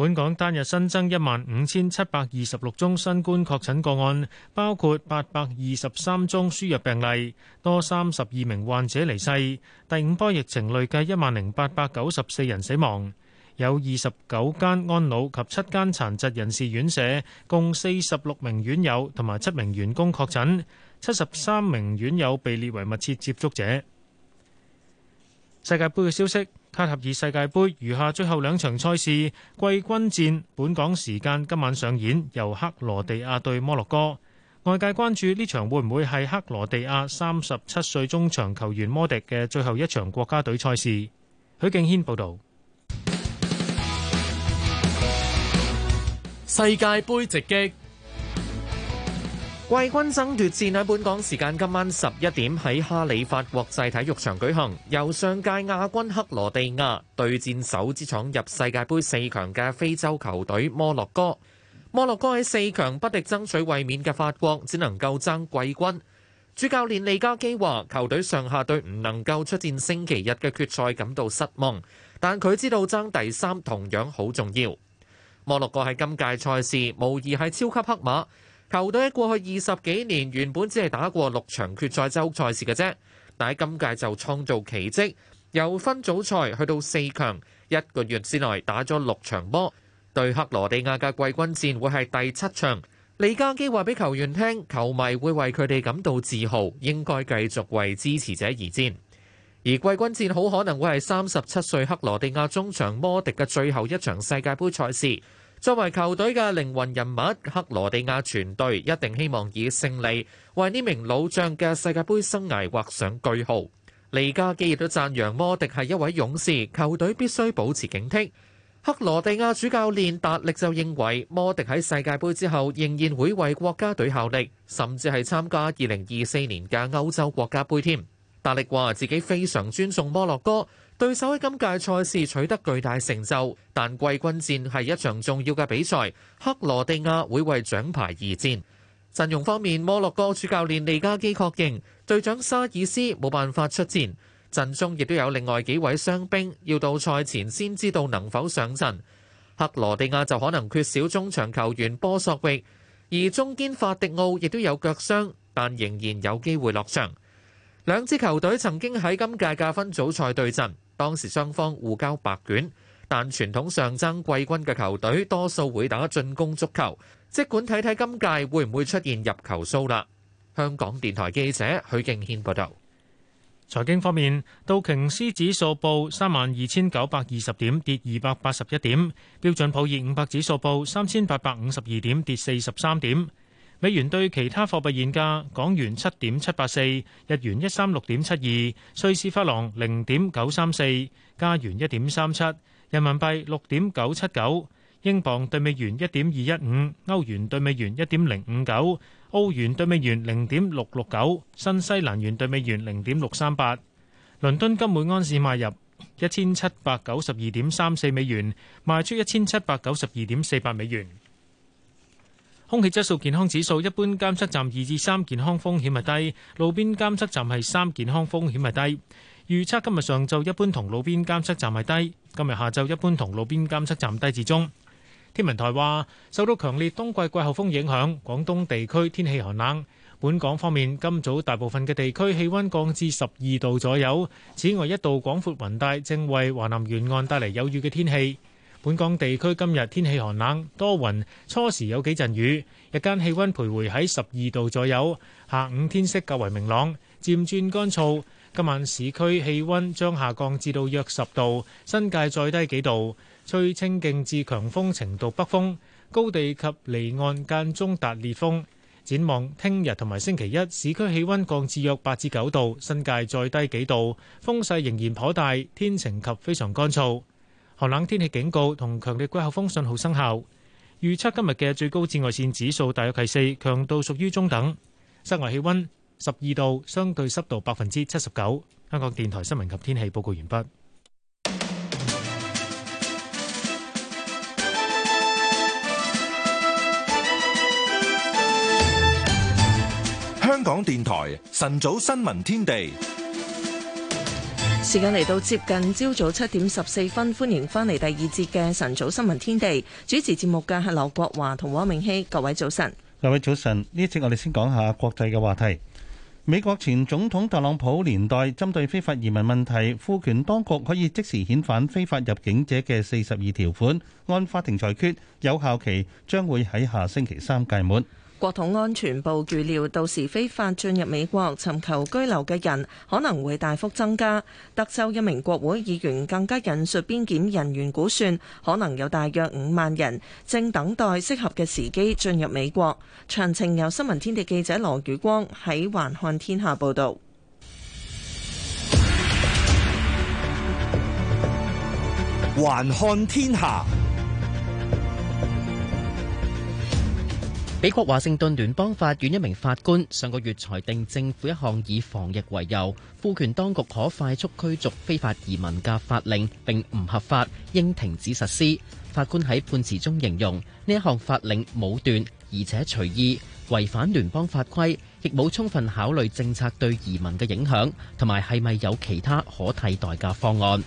本港單日新增一萬五千七百二十六宗新冠確診個案，包括八百二十三宗輸入病例，多三十二名患者離世。第五波疫情累計一萬零八百九十四人死亡，有二十九間安老及七間殘疾人士院舍共四十六名院友同埋七名員工確診，七十三名院友被列為密切接觸者。世界盃嘅消息。卡塔爾世界盃餘下最後兩場賽事季軍戰，本港時間今晚上演，由克羅地亞對摩洛哥。外界關注呢場會唔會係克羅地亞三十七歲中場球員摩迪嘅最後一場國家隊賽事。許敬軒報道。世界盃直擊。季軍爭奪戰喺本港時間今晚十一點喺哈里法國際體育場舉行，由上屆亞軍克羅地亞對戰首支闖入世界杯四強嘅非洲球隊摩洛哥。摩洛哥喺四強不敵爭取衛冕嘅法國，只能夠爭季軍。主教練利加基話：球隊上下對唔能夠出戰星期日嘅決賽感到失望，但佢知道爭第三同樣好重要。摩洛哥喺今屆賽事無疑係超級黑馬。球隊喺過去二十幾年原本只係打過六場決賽周賽事嘅啫，但係今屆就創造奇蹟，由分組賽去到四強，一個月之內打咗六場波。對克羅地亞嘅季軍戰會係第七場。李嘉基話俾球員聽，球迷會為佢哋感到自豪，應該繼續為支持者而戰。而季軍戰好可能會係三十七歲克羅地亞中場摩迪嘅最後一場世界盃賽事。作為球隊嘅靈魂人物，克羅地亞全隊一定希望以勝利為呢名老將嘅世界盃生涯畫上句號。利加基亦都讚揚摩迪係一位勇士，球隊必須保持警惕。克羅地亞主教練達力就認為，摩迪喺世界盃之後仍然會為國家隊效力，甚至係參加二零二四年嘅歐洲國家杯添。達力話自己非常尊重摩洛哥。對手喺今屆賽事取得巨大成就，但季軍戰係一場重要嘅比賽，克羅地亞會為獎牌而戰。陣容方面，摩洛哥主教練利加基確認隊長沙爾斯冇辦法出戰，陣中亦都有另外幾位傷兵，要到賽前先知道能否上陣。克羅地亞就可能缺少中場球員波索域，而中堅法迪奧亦都有腳傷，但仍然有機會落場。兩支球隊曾經喺今屆嘅分組賽對陣。當時雙方互交白卷，但傳統上爭季軍嘅球隊多數會打進攻足球，即管睇睇今屆會唔會出現入球數啦。香港電台記者許敬軒報道：「財經方面，道瓊斯指數報三萬二千九百二十點，跌二百八十一點；標準普爾五百指數報三千八百五十二點，跌四十三點。美元兌其他貨幣現價：港元七點七八四，日元一三六點七二，瑞士法郎零點九三四，加元一點三七，人民幣六點九七九，英鎊對美元一點二一五，歐元對美元一點零五九，澳元對美元零點六六九，新西蘭元對美元零點六三八。倫敦金每安士賣入一千七百九十二點三四美元，賣出一千七百九十二點四八美元。空氣質素健康指數一般監測站二至三，健康風險係低，路邊監測站係三，健康風險係低。預測今日上晝一般同路邊監測站係低，今日下晝一般同路邊監測站低至中。天文台話，受到強烈冬季季候風影響，廣東地區天氣寒冷。本港方面，今早大部分嘅地區氣温降至十二度左右。此外，一度廣闊雲帶正為華南沿岸帶嚟有雨嘅天氣。本港地區今日天氣寒冷，多雲，初時有幾陣雨，日間氣温徘徊喺十二度左右。下午天色較為明朗，漸轉乾燥。今晚市區氣温將下降至到約十度，新界再低幾度，吹清勁至強風程度北風，高地及離岸間中達烈風。展望聽日同埋星期一，市區氣温降至約八至九度，新界再低幾度，風勢仍然頗大，天晴及非常乾燥。寒冷天氣警告同強烈季候風信號生效，預測今日嘅最高紫外線指數大約係四，強度屬於中等。室外氣溫十二度，相對濕度百分之七十九。香港電台新聞及天氣報告完畢。香港電台晨早新聞天地。時間嚟到接近朝早七點十四分，歡迎翻嚟第二節嘅晨早新聞天地，主持節目嘅係劉國華同汪明熙。各位早晨，各位早晨。呢節我哋先講下國際嘅話題。美國前總統特朗普年代針對非法移民問題，賦權當局可以即時遣返非法入境者嘅四十二條款，按法庭裁決，有效期將會喺下星期三屆滿。國土安全部預料到時非法進入美國尋求居留嘅人可能會大幅增加。德州一名國會議員更加引述邊檢人員估算，可能有大約五萬人正等待適合嘅時機進入美國。詳情由新聞天地記者羅宇光喺環看天下報導。環看天下。美國華盛頓聯邦法院一名法官上個月裁定，政府一項以防疫為由，賦權當局可快速驅逐非法移民嘅法令，並唔合法，應停止實施。法官喺判詞中形容呢一項法令武斷，而且隨意，違反聯邦法規，亦冇充分考慮政策對移民嘅影響，同埋係咪有其他可替代嘅方案。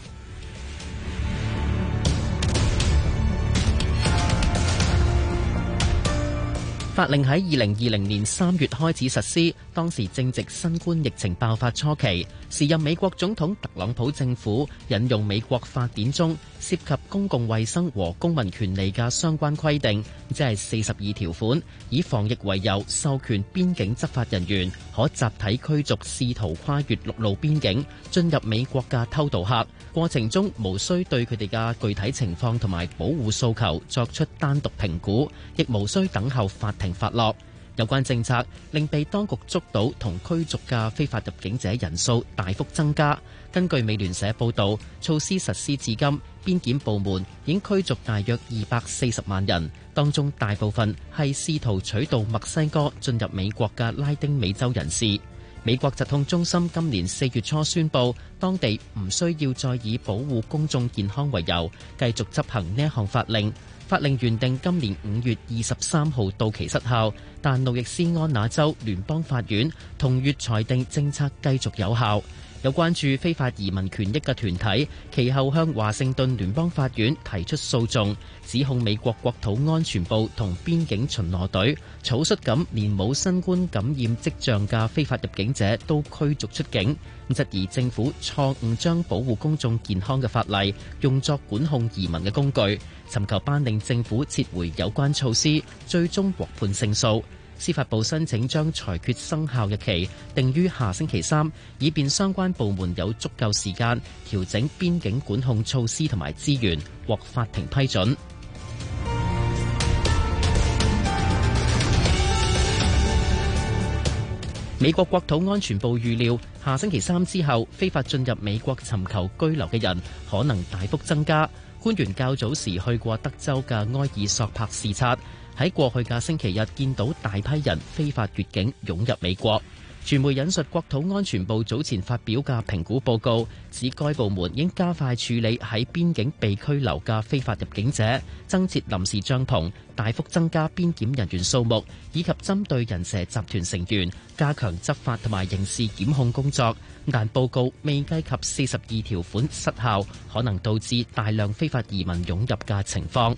法令喺二零二零年三月開始實施，當時正值新冠疫情爆發初期，時任美國總統特朗普政府引用美國法典中涉及公共衛生和公民權利嘅相關規定，即係四十二條款，以防疫為由，授權邊境執法人員可集體驅逐試圖跨越陸路邊境進入美國嘅偷渡客。過程中，無需對佢哋嘅具體情況同埋保護訴求作出單獨評估，亦無需等候法庭發落。有關政策令被當局捉到同驅逐嘅非法入境者人數大幅增加。根據美聯社報導，措施實施至今，邊檢部門已經驅逐大約二百四十萬人，當中大部分係試圖取道墨西哥進入美國嘅拉丁美洲人士。美國疾控中心今年四月初宣布當地唔需要再以保護公眾健康為由繼續執行呢項法令。法令原定今年五月二十三號到期失效，但路易斯安那州聯邦法院同月裁定政策繼續有效。有關注非法移民權益嘅團體，其後向華盛頓聯邦法院提出訴訟，指控美國國土安全部同邊境巡邏隊草率咁連冇新冠感染跡象嘅非法入境者都驅逐出境，咁質疑政府錯誤將保護公眾健康嘅法例用作管控移民嘅工具，尋求頒令政府撤回有關措施，最終獲判勝訴。司法部申請將裁決生效日期定於下星期三，以便相關部門有足夠時間調整邊境管控措施同埋資源，獲法庭批准。 美國國土安全部預料下星期三之後，非法進入美國尋求居留嘅人可能大幅增加。官員較早時去過德州嘅埃爾索帕視察。喺過去嘅星期日見到大批人非法越境湧入美國，傳媒引述國土安全部早前發表嘅評估報告，指該部門應加快處理喺邊境被拘留嘅非法入境者，增設臨時帳篷，大幅增加邊檢人員數目，以及針對人蛇集團成員加強執法同埋刑事檢控工作。但報告未計及四十二條款失效，可能導致大量非法移民湧入嘅情況。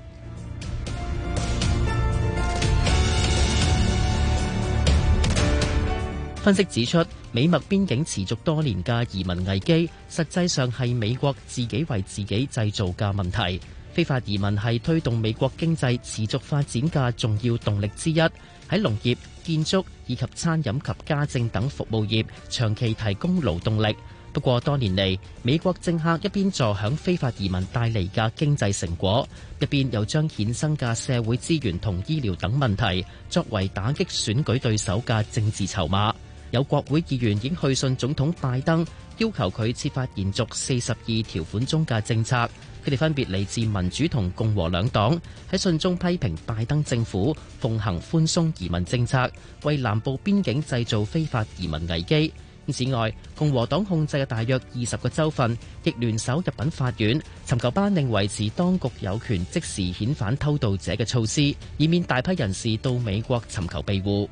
分析指出，美墨邊境持續多年嘅移民危機，實際上係美國自己為自己製造嘅問題。非法移民係推動美國經濟持續發展嘅重要動力之一，喺農業、建築以及餐飲及家政等服務業長期提供勞動力。不過多年嚟，美國政客一邊坐享非法移民帶嚟嘅經濟成果，一邊又將衍生嘅社會資源同醫療等問題作為打擊選舉對手嘅政治籌碼。有國會議員已經去信總統拜登，要求佢設法延續四十二條款中嘅政策。佢哋分別嚟自民主同共和兩黨，喺信中批評拜登政府奉行寬鬆移民政策，為南部邊境製造非法移民危機。此外，共和黨控制嘅大約二十個州份亦聯手入禀法院，尋求班令維持當局有權即時遣返偷渡者嘅措施，以免大批人士到美國尋求庇護。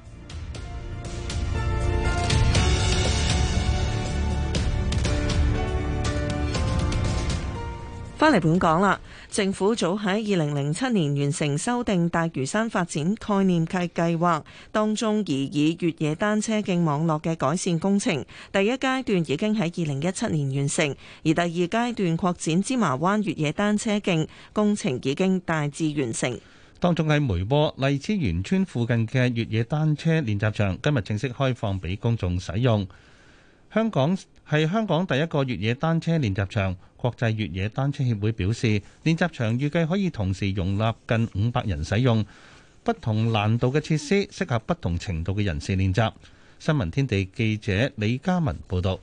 翻嚟本港啦，政府早喺二零零七年完成修訂大嶼山發展概念計計劃，當中而以，以越野單車徑網絡嘅改善工程，第一階段已經喺二零一七年完成，而第二階段擴展芝麻灣越野單車徑工程已經大致完成。當中喺梅窩荔枝園村附近嘅越野單車練習場，今日正式開放俾公眾使用。香港係香港第一個越野單車練習場，國際越野單車協會表示，練習場預計可以同時容納近五百人使用，不同難度嘅設施適合不同程度嘅人士練習。新聞天地記者李嘉文報道，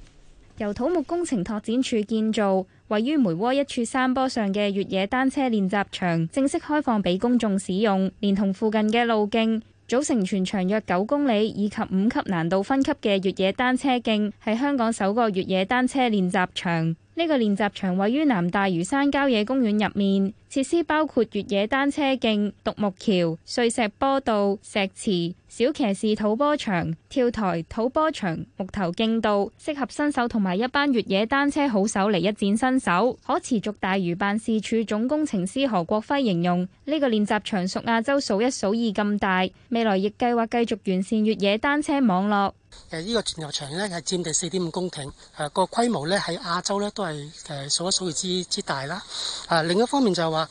由土木工程拓展處建造，位於梅窩一處山坡上嘅越野單車練習場正式開放俾公眾使用，連同附近嘅路徑。組成全長約九公里以及五級難度分級嘅越野單車徑，係香港首個越野單車練習場。呢個練習場位於南大嶼山郊野公園入面，設施包括越野單車徑、獨木橋、碎石坡道、石池、小騎士土坡場、跳台、土坡場、木頭徑道，適合新手同埋一班越野單車好手嚟一展身手。可持續大嶼辦事處總工程師何國輝形容：呢、這個練習場屬亞洲數一數二咁大，未來亦計劃繼續完善越野單車網絡。誒，呢個全球場咧係占地四點五公頃。誒、啊，個規模咧喺亞洲咧都係誒數一數二之之大啦。啊另一方面就係話。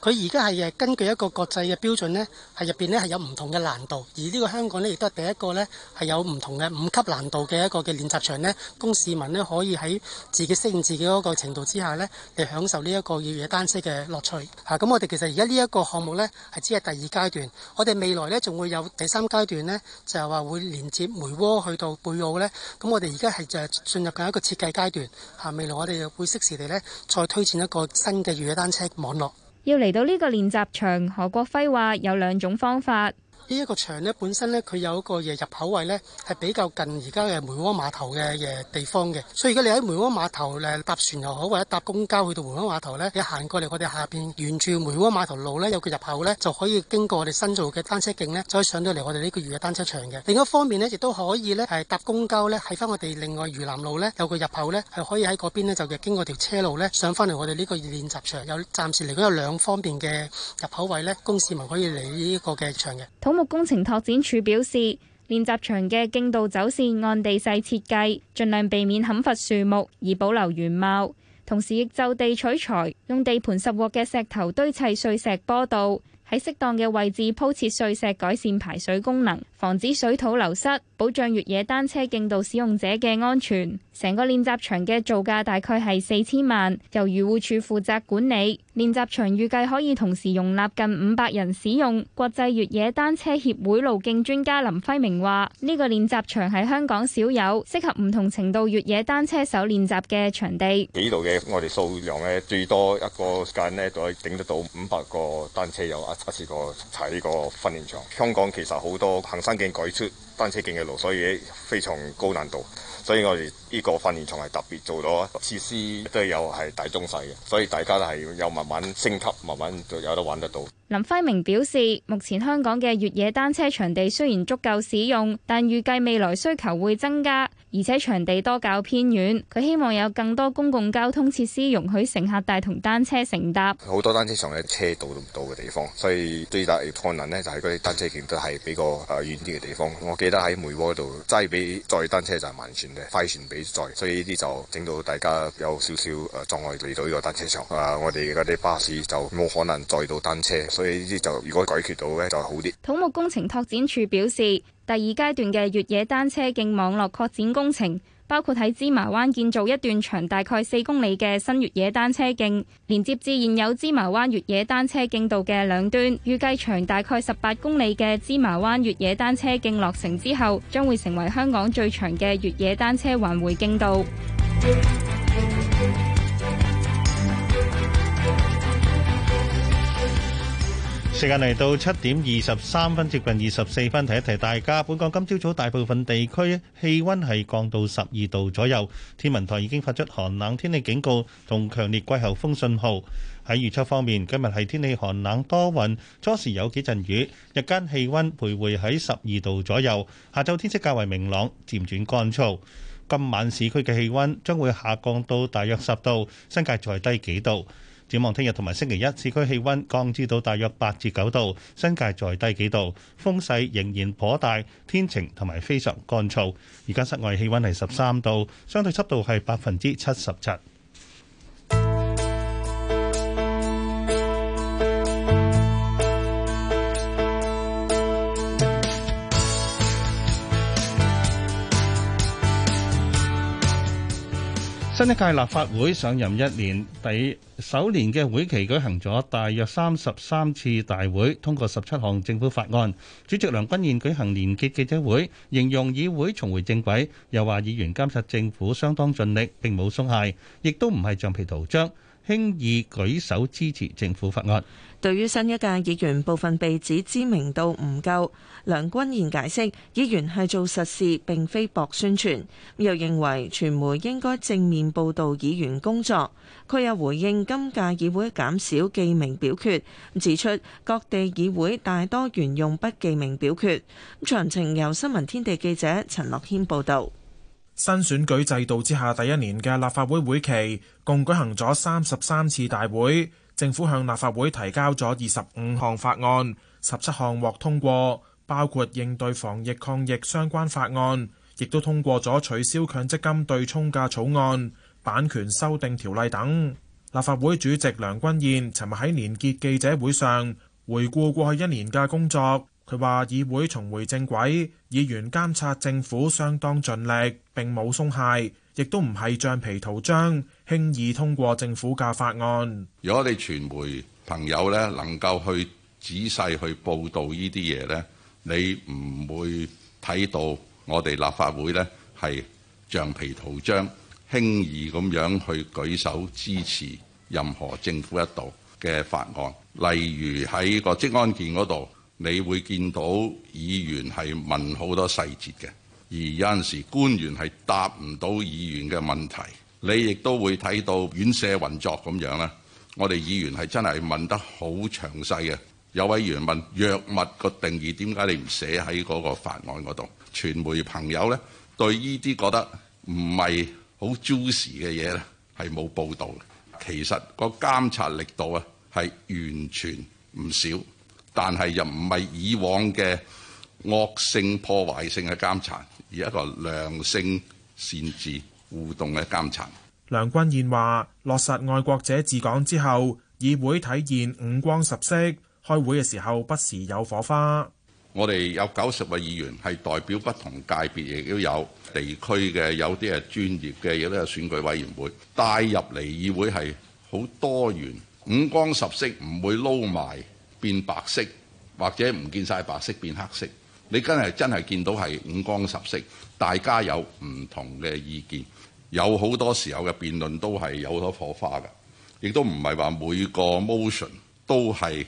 佢而家係誒根據一個國際嘅標準咧，係入邊咧係有唔同嘅難度，而呢個香港咧亦都係第一個咧係有唔同嘅五級難度嘅一個嘅練習場咧，供市民咧可以喺自己適應自己嗰個程度之下咧嚟，享受呢一個越野單車嘅樂趣吓。咁、啊、我哋其實而家呢一個項目咧係只係第二階段，我哋未來咧仲會有第三階段咧就係、是、話會連接梅窩去到貝澳咧。咁、啊、我哋而家係就係進入緊一個設計階段吓、啊，未來我哋會適時地咧再推薦一個新嘅越野單車網絡。要嚟到呢個練習場，何國輝話有兩種方法。呢一個場咧本身咧佢有一個嘢入口位咧係比較近而家嘅梅窩碼頭嘅嘢地方嘅，所以如果你喺梅窩碼頭搭船又好，或者搭公交去到梅窩碼頭咧，你行過嚟我哋下邊沿住梅窩碼頭路咧有個入口咧就可以經過我哋新造嘅單車徑咧就可以上到嚟我哋呢個漁嘅單車場嘅。另一方面咧亦都可以咧係搭公交咧喺翻我哋另外嶼南路咧有個入口咧係可以喺嗰邊咧就嘅經過條車路咧上翻嚟我哋呢個練習場有暫時嚟講有兩方面嘅入口位咧，供市民可以嚟呢個嘅場嘅。工程拓展署表示，練習場嘅徑道走線按地勢設計，盡量避免砍伐樹木以保留原貌，同時亦就地取材，用地盤拾獲嘅石頭堆砌碎石坡道，喺適當嘅位置鋪設碎石改善排水功能，防止水土流失，保障越野單車徑道使用者嘅安全。成個練習場嘅造價大概係四千萬，由漁護署負責管理。練習場預計可以同時容納近五百人使用。國際越野單車協會路徑專家林輝明話：呢、這個練習場喺香港少有，適合唔同程度越野單車手練習嘅場地。幾度嘅我哋數量咧，最多一個時間咧，可以頂得到五百個單車友一一次過踩呢個訓練場。香港其實好多行山徑改出單車徑嘅路，所以非常高難度。所以我哋。呢個訓練場係特別做到啊，設施都有係大中細嘅，所以大家都係有慢慢升級，慢慢就有得玩得到。林輝明表示，目前香港嘅越野單車場地雖然足夠使用，但預計未來需求會增加，而且場地多較偏遠。佢希望有更多公共交通設施容許乘客帶同單車乘搭。好多單車場嘅車到都唔到嘅地方，所以最大困難呢就係嗰啲單車徑都係比較誒遠啲嘅地方。我記得喺梅窩度齋俾載單車就係慢船嘅快船俾。所以呢啲就整到大家有少少誒障礙嚟到呢個單車場啊！我哋嗰啲巴士就冇可能載到單車，所以呢啲就如果解決到咧，就好啲。土木工程拓展署表示，第二階段嘅越野單車徑網絡擴展工程。包括喺芝麻灣建造一段長大概四公里嘅新越野單車徑，連接至現有芝麻灣越野單車徑道嘅兩端。預計長大概十八公里嘅芝麻灣越野單車徑落成之後，將會成為香港最長嘅越野單車環回徑道。時間嚟到七點二十三分，接近二十四分，提一提大家。本港今朝早，早大部分地區氣温係降到十二度左右，天文台已經發出寒冷天氣警告同強烈季候風信號。喺預測方面，今日係天氣寒冷多雲，初時有幾陣雨，日間氣温徘徊喺十二度左右，下晝天色較為明朗，漸轉乾燥。今晚市區嘅氣温將會下降到大約十度，新界再低幾度。展望聽日同埋星期一，市區氣温降至到大約八至九度，新界再低幾度，風勢仍然頗大，天晴同埋非常乾燥。而家室外氣溫係十三度，相對濕度係百分之七十七。新一屆立法會上任一年，第首年嘅會期舉行咗大約三十三次大會，通過十七項政府法案。主席梁君彥舉行年結記者會，形容議會重回正軌，又話議員監察政府相當盡力，並冇鬆懈，亦都唔係橡皮圖章，輕易舉手支持政府法案。對於新一屆議員部分被指知名度唔夠，梁君彥解釋議員係做實事並非博宣傳，又認為傳媒應該正面報導議員工作。佢又回應今屆議會減少記名表決，指出各地議會大多沿用不記名表決。詳情由新聞天地記者陳樂軒報導。新選舉制度之下第一年嘅立法會會期共舉行咗三十三次大會。政府向立法會提交咗二十五項法案，十七項獲通過，包括應對防疫抗疫相關法案，亦都通過咗取消強積金對沖嘅草案、版權修訂條例等。立法會主席梁君彥尋日喺年結記者會上回顧過去一年嘅工作，佢話議會重回正軌，議員監察政府相當盡力，並冇鬆懈。亦都唔係橡皮圖章，輕易通過政府嘅法案。如果你傳媒朋友咧能夠去仔細去報道呢啲嘢咧，你唔會睇到我哋立法會咧係橡皮圖章，輕易咁樣去舉手支持任何政府一度嘅法案。例如喺個職安健嗰度，你會見到議員係問好多細節嘅。而有陣時官員係答唔到議員嘅問題，你亦都會睇到院舍運作咁樣咧。我哋議員係真係問得好詳細嘅。有位議員問藥物個定義，點解你唔寫喺嗰個法案嗰度？傳媒朋友咧對呢啲覺得唔係好 juicy 嘅嘢咧，係冇報導嘅。其實個監察力度啊係完全唔少，但係又唔係以往嘅惡性破壞性嘅監察。而一個良性善治互動嘅監察，梁君彥話，落實愛國者治港之後，議會體現五光十色，開會嘅時候不時有火花。我哋有九十位議員係代表不同界別，亦都有地區嘅，有啲係專業嘅，亦都有啲係選舉委員會帶入嚟議會，係好多元五光十色，唔會撈埋變白色，或者唔見晒白色變黑色。你真係真係見到係五光十色，大家有唔同嘅意見，有好多時候嘅辯論都係有好多火花嘅，亦都唔係話每個 motion 都係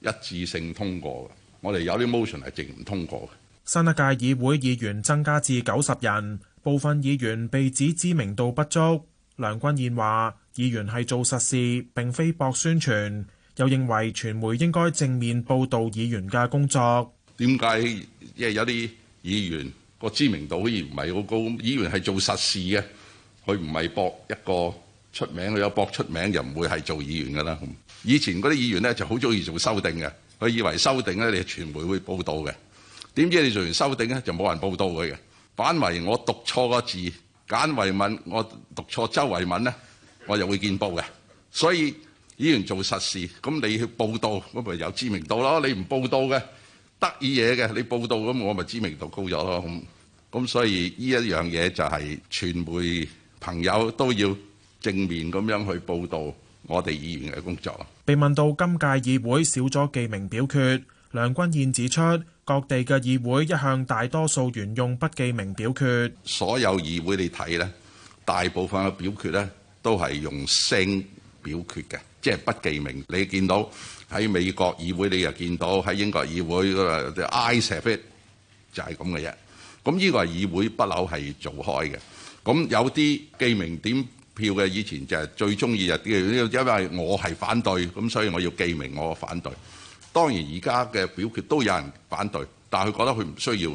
一致性通過嘅。我哋有啲 motion 係直唔通過嘅。新一屆議會議員增加至九十人，部分議員被指知名度不足。梁君彥話：議員係做實事，並非博宣傳。又認為傳媒應該正面報導議員嘅工作。點解？即係有啲議員個知名度好似唔係好高，議員係做實事嘅，佢唔係博一個出名，佢有博出名就唔會係做議員噶啦、嗯。以前嗰啲議員咧就好中意做修訂嘅，佢以為修訂咧你傳媒會報道嘅，點知你做完修訂咧就冇人報道佢嘅。反為我讀錯個字，簡為敏我讀錯周為敏咧，我就會見報嘅。所以議員做實事，咁你去報道咁咪有知名度咯？你唔報道嘅。得意嘢嘅，你報道咁我咪知名度高咗咯。咁，咁所以呢一樣嘢就係傳媒朋友都要正面咁樣去報道我哋議員嘅工作。被問到今屆議會少咗記名表決，梁君彥指出，各地嘅議會一向大多數沿用不記名表決。所有議會你睇呢，大部分嘅表決呢都係用聲表決嘅，即係不記名。你見到。喺美國議會你又見到喺英國議會嗰個 I said it 就係咁嘅啫。咁呢個係議會不嬲係做開嘅。咁有啲記名點票嘅以前就係最中意就係因為我係反對，咁所以我要記名我反對。當然而家嘅表決都有人反對，但係佢覺得佢唔需要。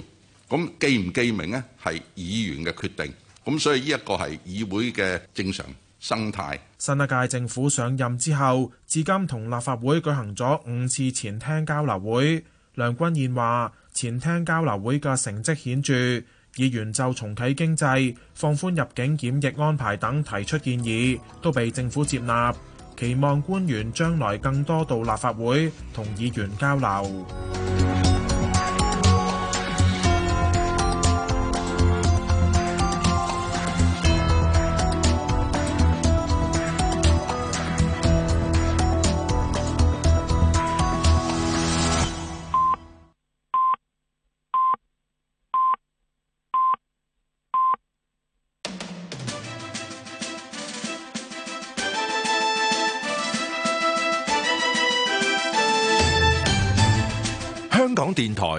咁記唔記名咧係議員嘅決定。咁所以呢一個係議會嘅正常生態。新一屆政府上任之後，至今同立法會舉行咗五次前廳交流會。梁君彥話：前廳交流會嘅成績顯著，議員就重啟經濟、放寬入境檢疫安排等提出建議，都被政府接納。期望官員將來更多到立法會同議員交流。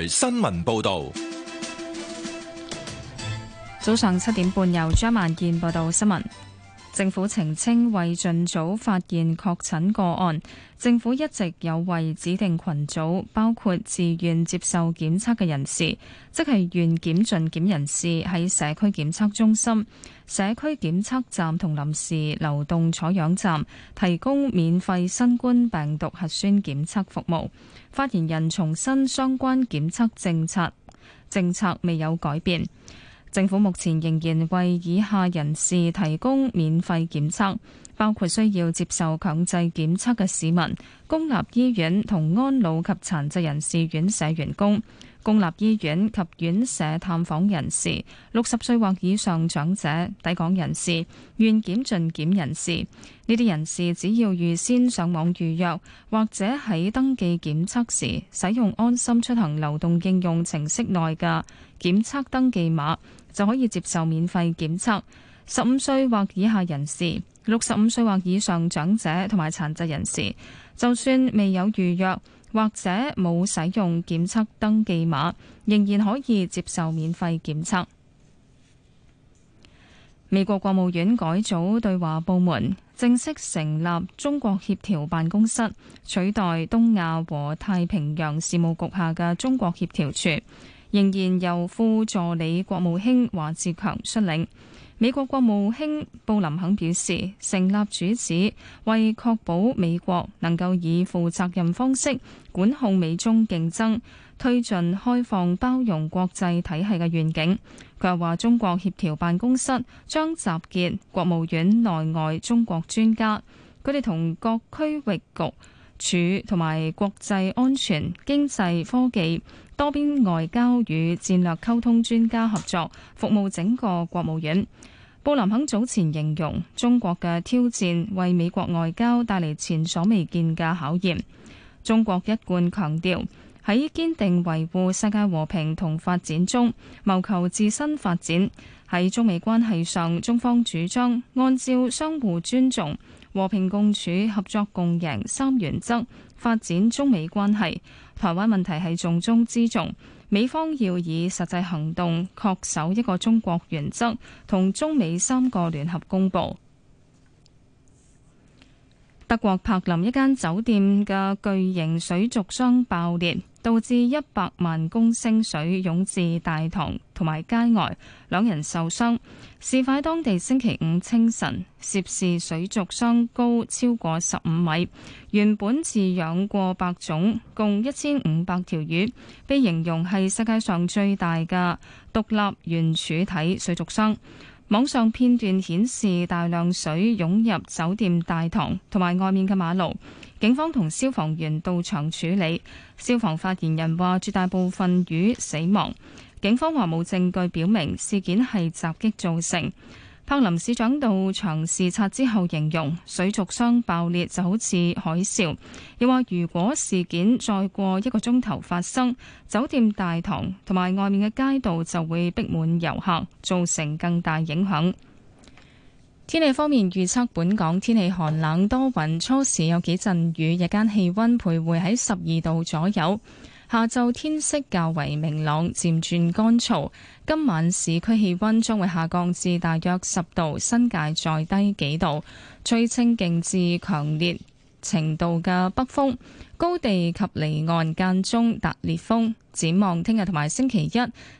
新聞報道。早上七點半，由張萬健報道新聞。政府澄清，為盡早發現確診個案，政府一直有為指定群組，包括自願接受檢測嘅人士，即係願檢盡檢人士，喺社區檢測中心、社區檢測站同臨時流動採樣站提供免費新冠病毒核酸檢測服務。發言人重申相關檢測政策，政策未有改變。政府目前仍然為以下人士提供免費檢測，包括需要接受強制檢測嘅市民、公立醫院同安老及殘疾人士院舍員工、公立醫院及院舍探訪人士、六十歲或以上長者、抵港人士、願檢盡檢人士。呢啲人士只要預先上網預約，或者喺登記檢測時使用安心出行流動應用程式內嘅檢測登記碼。就可以接受免費檢測。十五歲或以下人士、六十五歲或以上長者同埋殘疾人士，就算未有預約或者冇使用檢測登記碼，仍然可以接受免費檢測。美國國務院改組對華部門，正式成立中國協調辦公室，取代東亞和太平洋事務局下嘅中國協調處。仍然由副助理國務卿華志強率領。美國國務卿布林肯表示，成立主旨為確保美國能夠以負責任方式管控美中競爭，推進開放包容國際體系嘅願景。佢又話，中國協調辦公室將集結國務院內外中國專家，佢哋同各區域局。處同埋國際安全、經濟、科技、多邊外交與戰略溝通專家合作，服務整個國務院。布林肯早前形容中國嘅挑戰為美國外交帶嚟前所未見嘅考驗。中國一貫強調，喺堅定維護世界和平同發展中，謀求自身發展。喺中美關係上，中方主張按照相互尊重。和平共處、合作共贏三原則發展中美關係。台灣問題係重中之重，美方要以實際行動確守一個中國原則，同中美三個聯合公佈。德國柏林一間酒店嘅巨型水族箱爆裂。導致一百萬公升水湧至大堂同埋街外，兩人受傷。事發當地星期五清晨，涉事水族箱高超過十五米，原本飼養過百種共一千五百條魚，被形容係世界上最大嘅獨立圓柱體水族箱。網上片段顯示大量水湧入酒店大堂同埋外面嘅馬路。警方同消防員到場處理。消防發言人話，絕大部分魚死亡。警方話冇證據表明事件係襲擊造成。柏林市長到場視察之後形容，水族箱爆裂就好似海嘯，又話如果事件再過一個鐘頭發生，酒店大堂同埋外面嘅街道就會逼滿遊客，造成更大影響。天氣方面，預測本港天氣寒冷、多雲，初時有幾陣雨，日間氣温徘徊喺十二度左右。下晝天色較為明朗，漸轉乾燥。今晚市區氣温將會下降至大約十度，新界再低幾度，吹清勁至強烈程度嘅北風。高地及離岸間中達烈風，展望聽日同埋星期一，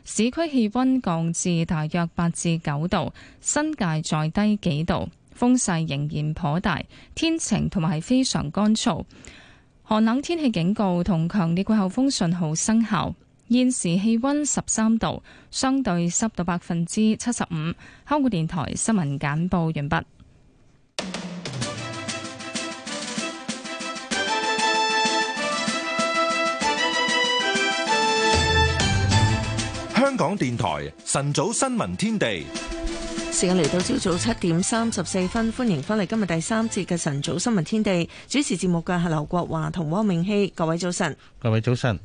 市區氣温降至大約八至九度，新界再低幾度，風勢仍然頗大，天晴同埋非常乾燥，寒冷天氣警告同強烈季候風信號生效。現時氣温十三度，相對濕度百分之七十五。香港電台新聞簡報完畢。香港電台晨早新聞天地，時間嚟到朝早七點三十四分，歡迎翻嚟今日第三節嘅晨早新聞天地。主持節目嘅係劉國華同汪明熙。各位早晨，各位早晨。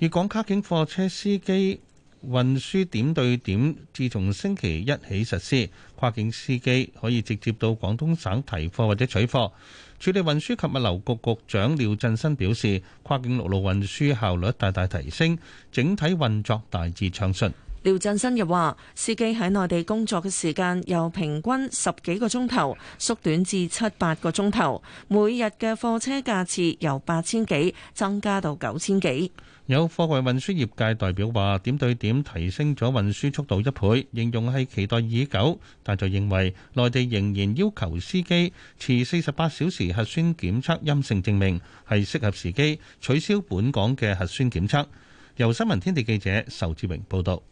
粵港跨境貨車司機運輸點對點，自從星期一起實施，跨境司機可以直接到廣東省提貨或者取貨。署理運輸及物流局局長廖振新表示，跨境陸路運輸效率大大提升，整體運作大致暢順。廖振新又話，司機喺內地工作嘅時間由平均十幾個鐘頭縮短至七八個鐘頭，每日嘅貨車架次由八千幾增加到九千幾。有貨櫃運輸業界代表話：點對點提升咗運輸速度一倍，形容係期待已久。但就認為內地仍然要求司機持四十八小時核酸檢測陰性證明，係適合時機取消本港嘅核酸檢測。由新聞天地記者仇志榮報導。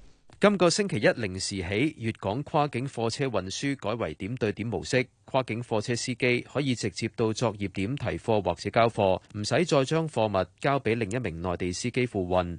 今個星期一零時起，粵港跨境貨車運輸改為點對點模式，跨境貨車司機可以直接到作業點提貨或者交貨，唔使再將貨物交俾另一名內地司機付運。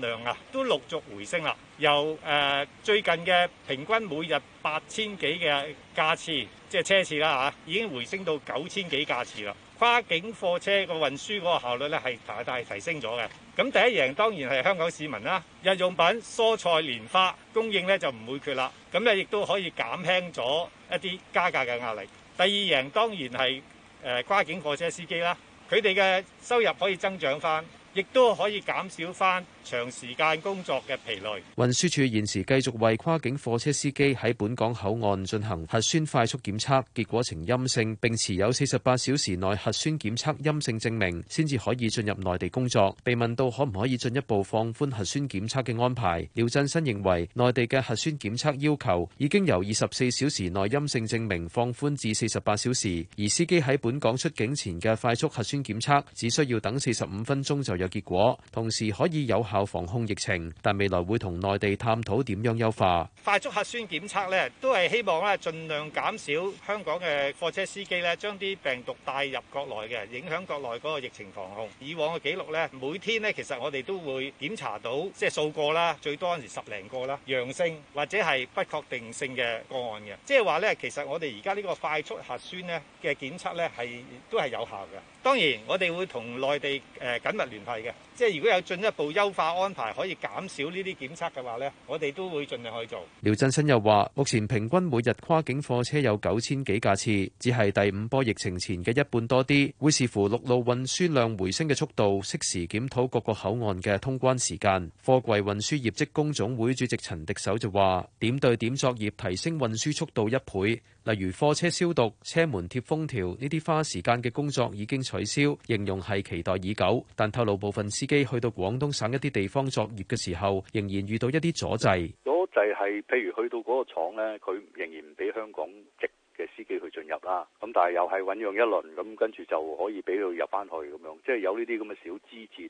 量啊，都陸續回升啦。由誒、呃、最近嘅平均每日八千幾嘅架次，即係車次啦嚇、啊，已經回升到九千幾架次啦。跨境貨車個運輸嗰個效率咧係大，大大提升咗嘅。咁第一贏當然係香港市民啦，日用品、蔬菜、蓮花供應咧就唔會缺啦。咁咧亦都可以減輕咗一啲加價嘅壓力。第二贏當然係誒、呃、跨境貨車司機啦，佢哋嘅收入可以增長翻，亦都可以減少翻。長時間工作嘅疲累。運輸署現時繼續為跨境貨車司機喺本港口岸進行核酸快速檢測，結果呈陰性，並持有四十八小時內核酸檢測陰性證明，先至可以進入內地工作。被問到可唔可以進一步放寬核酸檢測嘅安排，廖振新認為內地嘅核酸檢測要求已經由二十四小時內陰性證明放寬至四十八小時，而司機喺本港出境前嘅快速核酸檢測只需要等四十五分鐘就有結果，同時可以有，靠防控疫情，但未來會同內地探討點樣優化快速核酸檢測咧，都係希望咧盡量減少香港嘅貨車司機咧將啲病毒帶入國內嘅，影響國內嗰個疫情防控。以往嘅記錄咧，每天咧其實我哋都會檢查到即係數個啦，最多嗰陣時十零個啦陽性或者係不確定性嘅個案嘅，即係話咧其實我哋而家呢個快速核酸咧嘅檢測咧係都係有效嘅。當然，我哋會同內地誒緊密聯繫嘅，即係如果有進一步優化安排，可以減少呢啲檢測嘅話咧，我哋都會盡量去做。廖振新又話：目前平均每日跨境貨車有九千幾架次，只係第五波疫情前嘅一半多啲，會視乎陸路運輸量回升嘅速度，適時檢討各個口岸嘅通關時間。貨櫃運輸業職工總會主席陳迪手就話：點對點作業提升運輸速度一倍，例如貨車消毒、車門貼封條呢啲花時間嘅工作已經。取消形容係期待已久，但透露部分司機去到廣東省一啲地方作業嘅時候，仍然遇到一啲阻滯。阻滯係譬如去到嗰個廠呢，佢仍然唔俾香港籍嘅司機去進入啦。咁但係又係醞釀一輪咁，跟住就可以俾佢入翻去咁樣，即係有呢啲咁嘅小枝節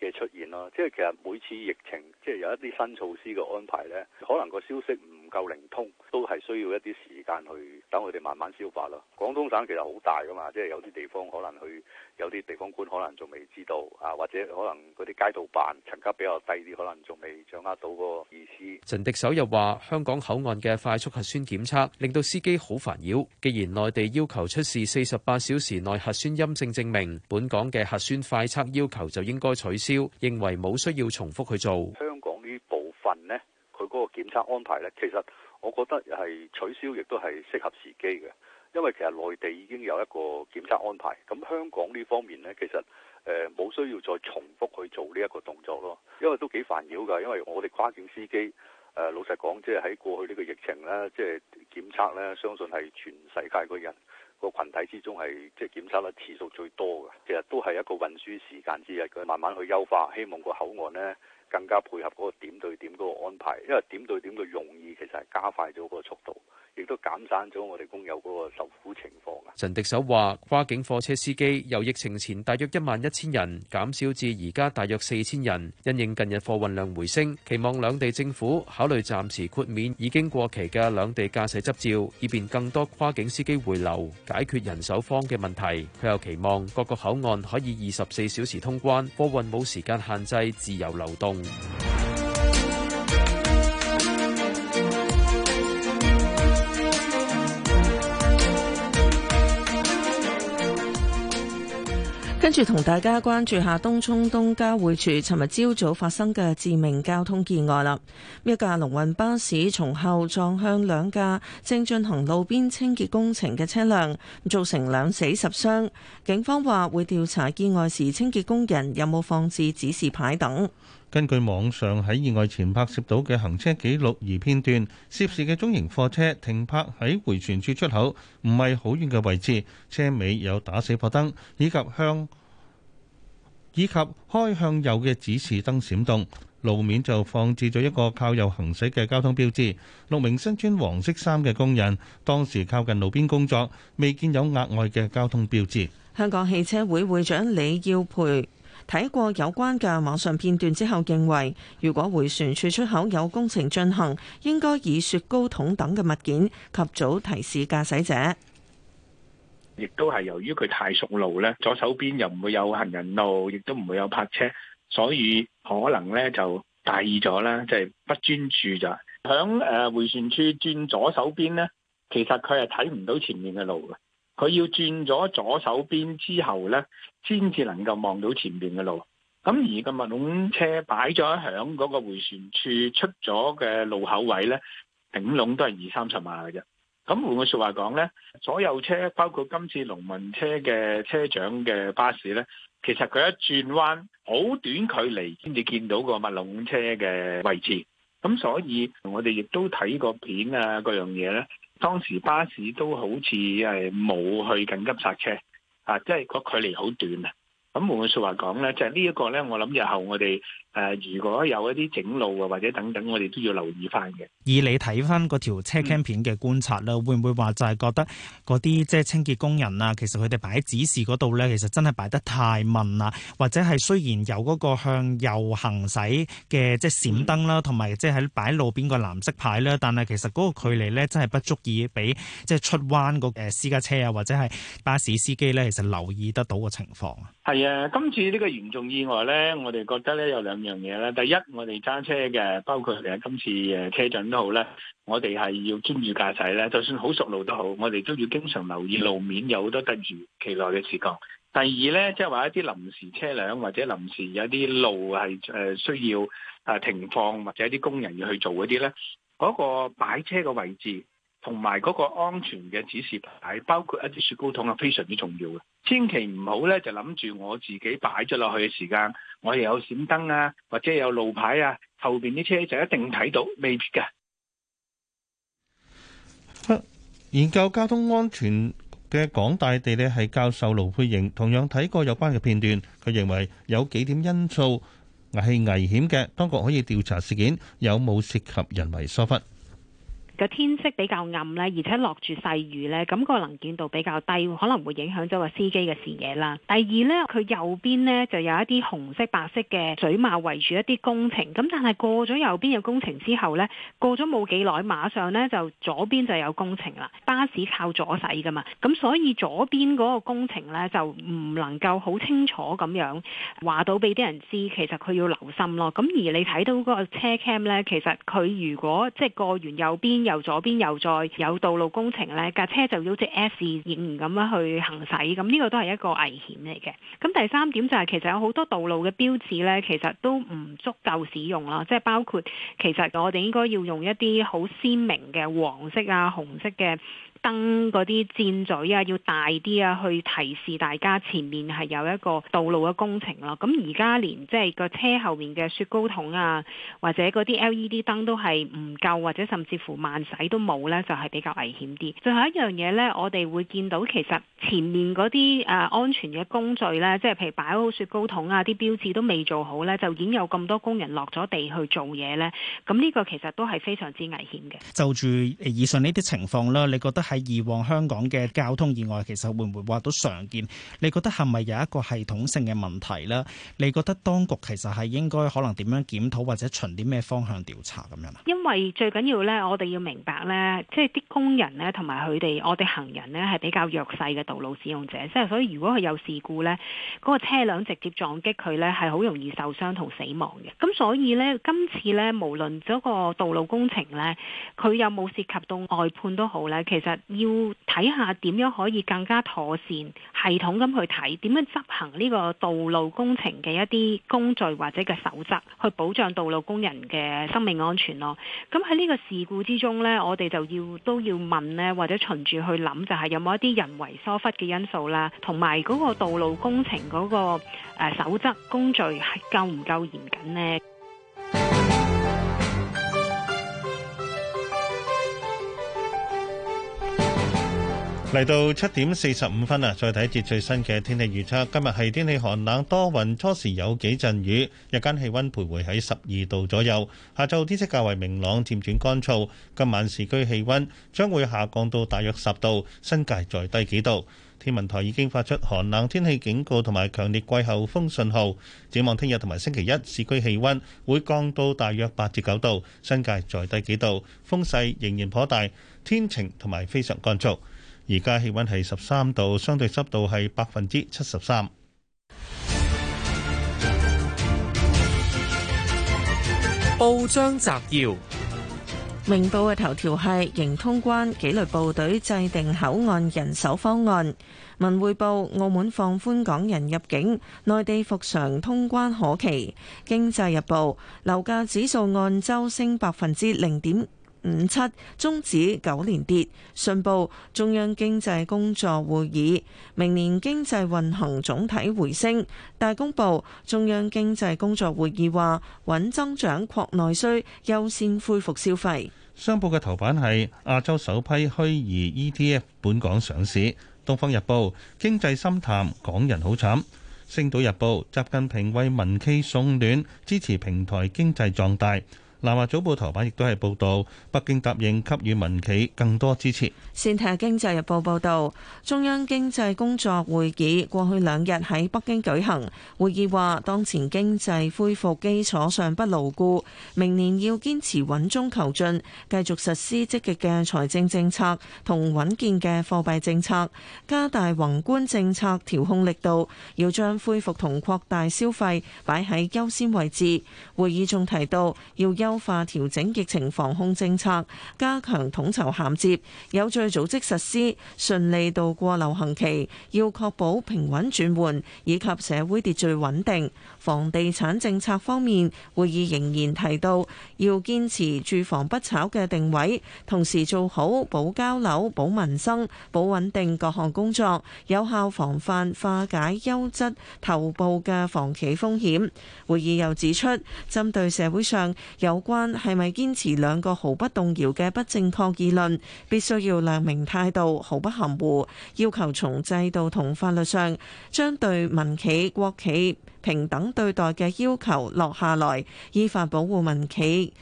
嘅出現啦。即係其實每次疫情，即係有一啲新措施嘅安排呢，可能個消息唔夠靈通都係需要一啲時間去等佢哋慢慢消化咯。廣東省其實好大㗎嘛，即係有啲地方可能去，有啲地方官可能仲未知道啊，或者可能嗰啲街道辦層級比較低啲，可能仲未掌握到個意思。陳迪首又話：香港口岸嘅快速核酸檢測令到司機好煩擾。既然內地要求出示四十八小時內核酸陰性證明，本港嘅核酸快測要求就應該取消，認為冇需要重複去做。佢嗰個檢測安排咧，其實我覺得係取消亦都係適合時機嘅，因為其實內地已經有一個檢測安排，咁香港呢方面咧，其實誒冇、呃、需要再重複去做呢一個動作咯，因為都幾煩擾㗎，因為我哋跨境司機誒、呃、老實講即係喺過去呢個疫情咧，即係檢測咧，相信係全世界個人個群體之中係即係檢測得次數最多嘅，其實都係一個運輸時間之一，佢慢慢去優化，希望個口岸咧。更加配合嗰個點對點嗰個安排，因為點對點嘅容易其實係加快咗嗰個速度，亦都減省咗我哋工友嗰個受苦情況。陳迪手話：跨境貨車司機由疫情前大約一萬一千人減少至而家大約四千人，因應近日貨運量回升，期望兩地政府考慮暫時豁免已經過期嘅兩地駕駛執照，以便更多跨境司機回流，解決人手荒嘅問題。佢又期望各個口岸可以二十四小時通關，貨運冇時間限制，自由流動。跟住同大家關注下東涌東交匯處，尋日朝早發生嘅致命交通意外啦。一架龍運巴士從後撞向兩架正進行路邊清潔工程嘅車輛，造成兩死十傷。警方話會調查意外時清潔工人有冇放置指示牌等。根據網上喺意外前拍攝到嘅行車記錄儀片段，涉事嘅中型貨車停泊喺回旋處出口，唔係好遠嘅位置，車尾有打死火燈，以及向以及開向右嘅指示燈閃動。路面就放置咗一個靠右行駛嘅交通標誌。六名身穿黃色衫嘅工人當時靠近路邊工作，未見有額外嘅交通標誌。香港汽車會會長李耀培。睇過有關嘅網上片段之後，認為如果回旋處出口有工程進行，應該以雪糕筒等嘅物件及早提示駕駛者。亦都係由於佢太熟路咧，左手邊又唔會有行人路，亦都唔會有泊車，所以可能咧就大意咗啦，即係不專注咋。響誒回旋處轉左手邊咧，其實佢係睇唔到前面嘅路嘅。佢要轉咗左手邊之後呢先至能夠望到前面嘅路。咁而個麥窿車擺咗喺嗰個迴旋處出咗嘅路口位呢，頂籠都係二三十碼嘅啫。咁換句説話講呢，所有車，包括今次農民車嘅車長嘅巴士呢，其實佢一轉彎好短距離先至見到個麥窿車嘅位置。咁所以我哋亦都睇過片啊，嗰樣嘢呢。當時巴士都好似係冇去緊急煞車，啊，即係個距離好短啊！咁換句説話講咧，就係呢一個咧，我諗日後我哋。誒、呃，如果有一啲整路啊，或者等等，我哋都要留意翻嘅。以你睇翻嗰條車 cam 片嘅觀察啦，嗯、會唔會話就係覺得嗰啲即係清潔工人啊，其實佢哋擺指示嗰度咧，其實真係擺得太密啦，啊，或者係雖然有嗰個向右行駛嘅即係閃燈啦，啊，同埋即係喺擺路邊個藍色牌啦，但係其實嗰個距離咧真係不足以俾即係出彎個誒私家車啊，或者係巴士司機咧，其實留意得到個情況啊。係啊，今次呢個嚴重意外咧，我哋覺得咧有兩。樣嘢啦，第一我哋揸車嘅，包括嚟今次誒車長都好咧，我哋係要專注駕駛咧，就算好熟路都好，我哋都要經常留意路面有好多突如其來嘅事況。第二咧，即係話一啲臨時車輛或者臨時有啲路係誒需要啊停放，或者一啲工人要去做嗰啲咧，嗰、嗰個擺車嘅位置，同埋嗰個安全嘅指示牌，包括一啲雪糕桶啊，非常之重要嘅。千祈唔好咧，就諗住我自己擺咗落去嘅時間，我又有閃燈啊，或者有路牌啊，後邊啲車就一定睇到，未必㗎。研究交通安全嘅港大地理系教授盧佩瑩同樣睇過有關嘅片段，佢認為有幾點因素係危險嘅，當局可以調查事件有冇涉及人為疏忽。天色比較暗咧，而且落住細雨咧，咁個能見度比較低，可能會影響咗個司機嘅視野啦。第二呢，佢右邊呢，就有一啲紅色、白色嘅水馬圍住一啲工程，咁但係過咗右邊嘅工程之後呢，過咗冇幾耐，馬上呢，就左邊就有工程啦。巴士靠左駛噶嘛，咁所以左邊嗰個工程呢，就唔能夠好清楚咁樣話到俾啲人知，其實佢要留心咯。咁而你睇到嗰個車 cam 呢，其實佢如果即係過完右邊由左邊又再有道路工程呢，架車就好似 S 字形咁樣去行駛，咁呢個都係一個危險嚟嘅。咁第三點就係、是、其實有好多道路嘅標誌呢，其實都唔足夠使用啦，即係包括其實我哋應該要用一啲好鮮明嘅黃色啊、紅色嘅。燈嗰啲箭嘴啊，要大啲啊，去提示大家前面係有一個道路嘅工程咯。咁而家連即係個車後面嘅雪糕筒啊，或者嗰啲 LED 燈都係唔夠，或者甚至乎慢駛都冇呢，就係比較危險啲。最後一樣嘢呢，我哋會見到其實前面嗰啲誒安全嘅工序呢，即係譬如擺好雪糕筒啊，啲標誌都未做好呢，就已經有咁多工人落咗地去做嘢呢。咁呢個其實都係非常之危險嘅。就住以上呢啲情況啦，你覺得？係以往香港嘅交通意外，其實會唔會話到常見？你覺得係咪有一個系統性嘅問題呢？你覺得當局其實係應該可能點樣檢討，或者循啲咩方向調查咁樣啊？因為最緊要呢，我哋要明白呢，即係啲工人呢，同埋佢哋，我哋行人呢，係比較弱勢嘅道路使用者，即係所以如果佢有事故呢，嗰個車輛直接撞擊佢呢，係好容易受傷同死亡嘅。咁所以呢，今次呢，無論嗰個道路工程呢，佢有冇涉及到外判都好呢，其實。要睇下點樣可以更加妥善、系統咁去睇點樣執行呢個道路工程嘅一啲工序或者嘅守則，去保障道路工人嘅生命安全咯。咁喺呢個事故之中咧，我哋就要都要問咧，或者循住去諗就係、是、有冇一啲人為疏忽嘅因素啦，同埋嗰個道路工程嗰個誒守則工序係夠唔夠嚴謹咧？嚟到七點四十五分啊，再睇一節最新嘅天氣預測。今日係天氣寒冷多雲，初時有幾陣雨，日間氣溫徘徊喺十二度左右。下晝天色較為明朗，漸轉乾燥。今晚市區氣溫將會下降到大約十度，新界再低幾度。天文台已經發出寒冷天氣警告同埋強烈季候風信號，展望聽日同埋星期一，市區氣溫會降到大約八至九度，新界再低幾度，風勢仍然頗大，天晴同埋非常乾燥。而家氣溫係十三度，相對濕度係百分之七十三。報章摘要：明報嘅頭條係迎通關紀律部隊制定口岸人手方案；文匯報澳門放寬港人入境，內地復常通關可期；經濟日報樓價指數按周升百分之零點五七終止九連跌，信報中央經濟工作會議明年經濟運行總體回升。大公報中央經濟工作會議話：穩增長、擴內需，優先恢復消費。商報嘅頭版係亞洲首批虛擬 ETF 本港上市。《東方日報》經濟深談：港人好慘。《星島日報》習近平為民企送暖，支持平台經濟壯大。南華早報頭版亦都係報導，北京答應給予民企更多支持。先睇下經濟日報報導，中央經濟工作會議過去兩日喺北京舉行。會議話，當前經濟恢復基礎尚不牢固，明年要堅持穩中求進，繼續實施積極嘅財政政策同穩健嘅貨幣政策，加大宏觀政策調控力度，要將恢復同擴大消費擺喺優先位置。會議仲提到，要優優化調整疫情防控政策，加強統籌銜接，有序組織實施，順利度過流行期。要確保平穩轉換以及社會秩序穩定。房地產政策方面，會議仍然提到，要堅持住房不炒嘅定位，同時做好保交樓、保民生、保穩定各項工作，有效防範化解優質頭部嘅房企風險。會議又指出，針對社會上有關係咪堅持兩個毫不動搖嘅不正確議論，必須要亮明態度，毫不含糊，要求從制度同法律上將對民企、國企平等對待嘅要求落下，下來，依法保護民企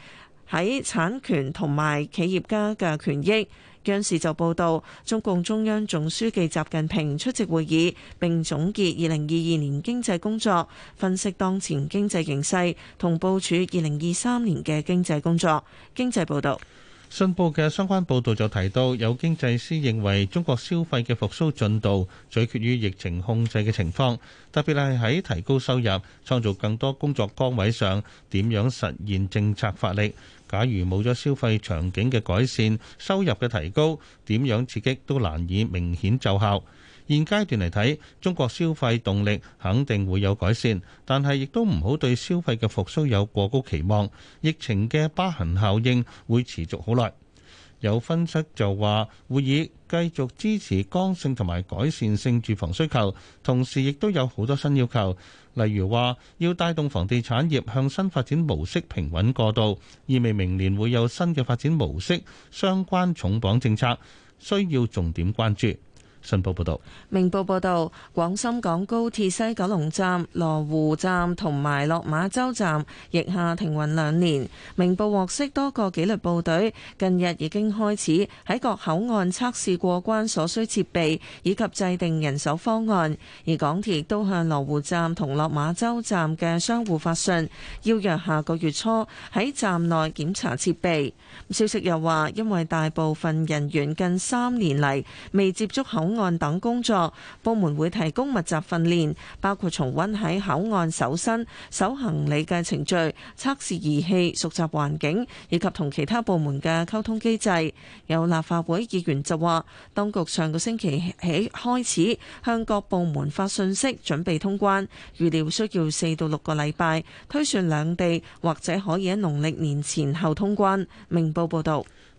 喺產權同埋企業家嘅權益。央視就報道，中共中央總書記習近平出席會議，並總結二零二二年經濟工作，分析當前經濟形勢，同部署二零二三年嘅經濟工作。經濟報道。信報嘅相關報導就提到，有經濟師認為中國消費嘅復甦進度取決於疫情控制嘅情況，特別係喺提高收入、創造更多工作崗位上，點樣實現政策發力。假如冇咗消費場景嘅改善、收入嘅提高，點樣刺激都難以明顯奏效。現階段嚟睇，中國消費動力肯定會有改善，但係亦都唔好對消費嘅復甦有過高期望。疫情嘅疤痕效應會持續好耐。有分析就話，會議繼續支持剛性同埋改善性住房需求，同時亦都有好多新要求，例如話要帶動房地產業向新發展模式平穩過渡，意味明年會有新嘅發展模式相關重磅政策，需要重點關注。信報報道：明報報道，廣深港高鐵西九龍站、羅湖站同埋落馬洲站，疫下停運兩年。明報獲悉多個紀律部隊近日已經開始喺各口岸測試過關所需設備以及制定人手方案，而港鐵亦都向羅湖站同落馬洲站嘅商戶發信，邀約下個月初喺站內檢查設備。消息又話，因為大部分人員近三年嚟未接觸口口岸等工作，部門會提供密集訓練，包括重溫喺口岸搜身、搜行李嘅程序、測試儀器、熟習環境，以及同其他部門嘅溝通機制。有立法會議員就話，當局上個星期起開始向各部門發信息，準備通關，預料需要四到六個禮拜，推算兩地或者可以喺農曆年前後通關。明報報道。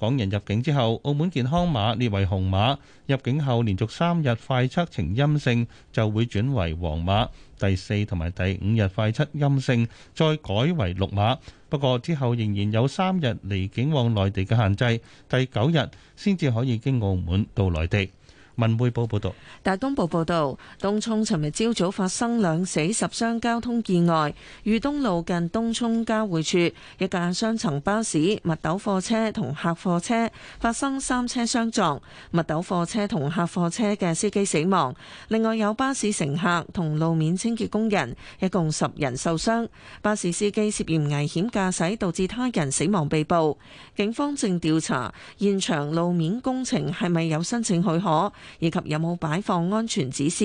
港人入境之後，澳門健康碼列為紅碼，入境後連續三日快測呈陰性就會轉為黃碼，第四同埋第五日快測陰性再改為綠碼。不過之後仍然有三日離境往內地嘅限制，第九日先至可以經澳門到內地。文匯報報道，大公報報道，東涌尋日朝早發生兩死十傷交通意外，裕東路近東涌交匯處，一架雙層巴士、密斗貨車同客貨車發生三車相撞，密斗貨車同客貨車嘅司機死亡，另外有巴士乘客同路面清潔工人一共十人受傷。巴士司機涉嫌危險駕駛導致他人死亡被捕，警方正調查現場路面工程係咪有申請許可。以及有冇擺放安全指示？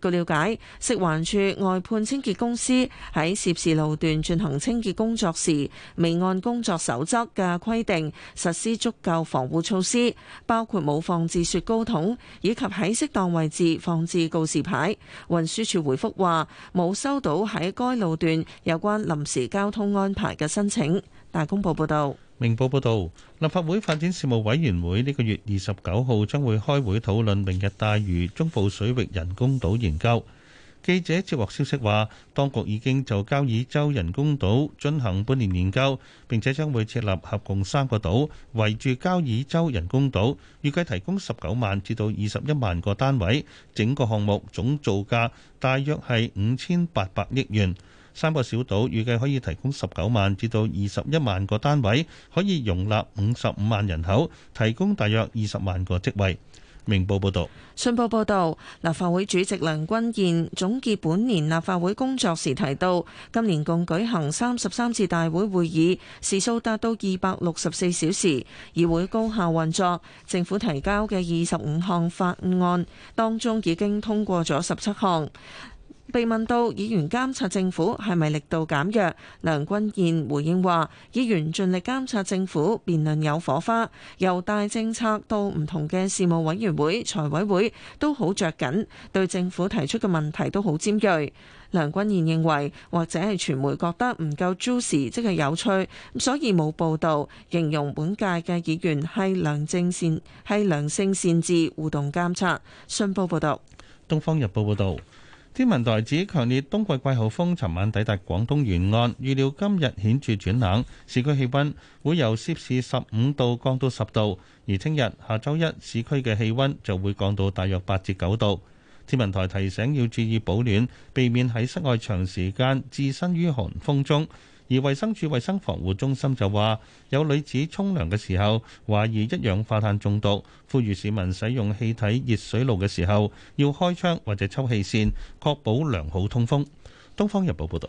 據了解，食環署外判清潔公司喺涉事路段進行清潔工作時，未按工作守則嘅規定實施足夠防護措施，包括冇放置雪糕桶，以及喺適當位置放置告示牌。運輸處回覆話冇收到喺該路段有關臨時交通安排嘅申請。大公報報道。明報報導。立法會發展事務委員會呢個月二十九號將會開會討論明日大嶼中部水域人工島研究。記者接獲消息話，當局已經就交椅洲人工島進行半年研究，並且將會設立合共三個島，圍住交椅洲人工島，預計提供十九萬至到二十一萬個單位，整個項目總造價大約係五千八百億元。三個小島預計可以提供十九萬至到二十一萬個單位，可以容納五十五萬人口，提供大約二十萬個職位。明報報道。信報報道，立法會主席梁君彥總結本年立法會工作時提到，今年共舉行三十三次大會會議，時數達到二百六十四小時，議會高效運作。政府提交嘅二十五項法案當中，已經通過咗十七項。被問到議員監察政府係咪力度減弱，梁君彥回應話：議員盡力監察政府，辯論有火花，由大政策到唔同嘅事務委員會、財委會都好着緊，對政府提出嘅問題都好尖銳。梁君彥認為，或者係傳媒覺得唔夠 juicy，即係有趣，所以冇報導，形容本屆嘅議員係良政善係良性善治互動監察。信報報道：《東方日報》報道。天文台指，強烈冬季季候風尋晚抵達廣東沿岸，預料今日顯著轉冷，市區氣温會由攝氏十五度降到十度，而聽日下週一市區嘅氣温就會降到大約八至九度。天文台提醒要注意保暖，避免喺室外長時間置身於寒風中。而衛生署衞生防護中心就話，有女子沖涼嘅時候，懷疑一氧化碳中毒，呼籲市民使用氣體熱水爐嘅時候，要開窗或者抽氣扇，確保良好通風。《東方日報》報道。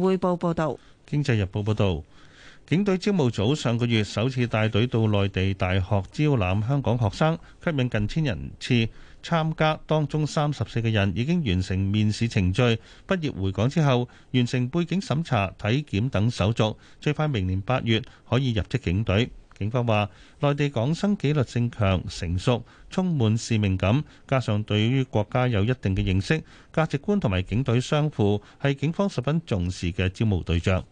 匯報報道，《經濟日報》報道，警隊招募組上個月首次帶隊到內地大學招攬香港學生，吸引近千人次參加，當中三十四個人已經完成面試程序，畢業回港之後，完成背景審查、體檢等手續，最快明年八月可以入職警隊。警方話，內地港生紀律性強、成熟、充滿使命感，加上對於國家有一定嘅認識、價值觀同埋警隊相符，係警方十分重視嘅招募對象。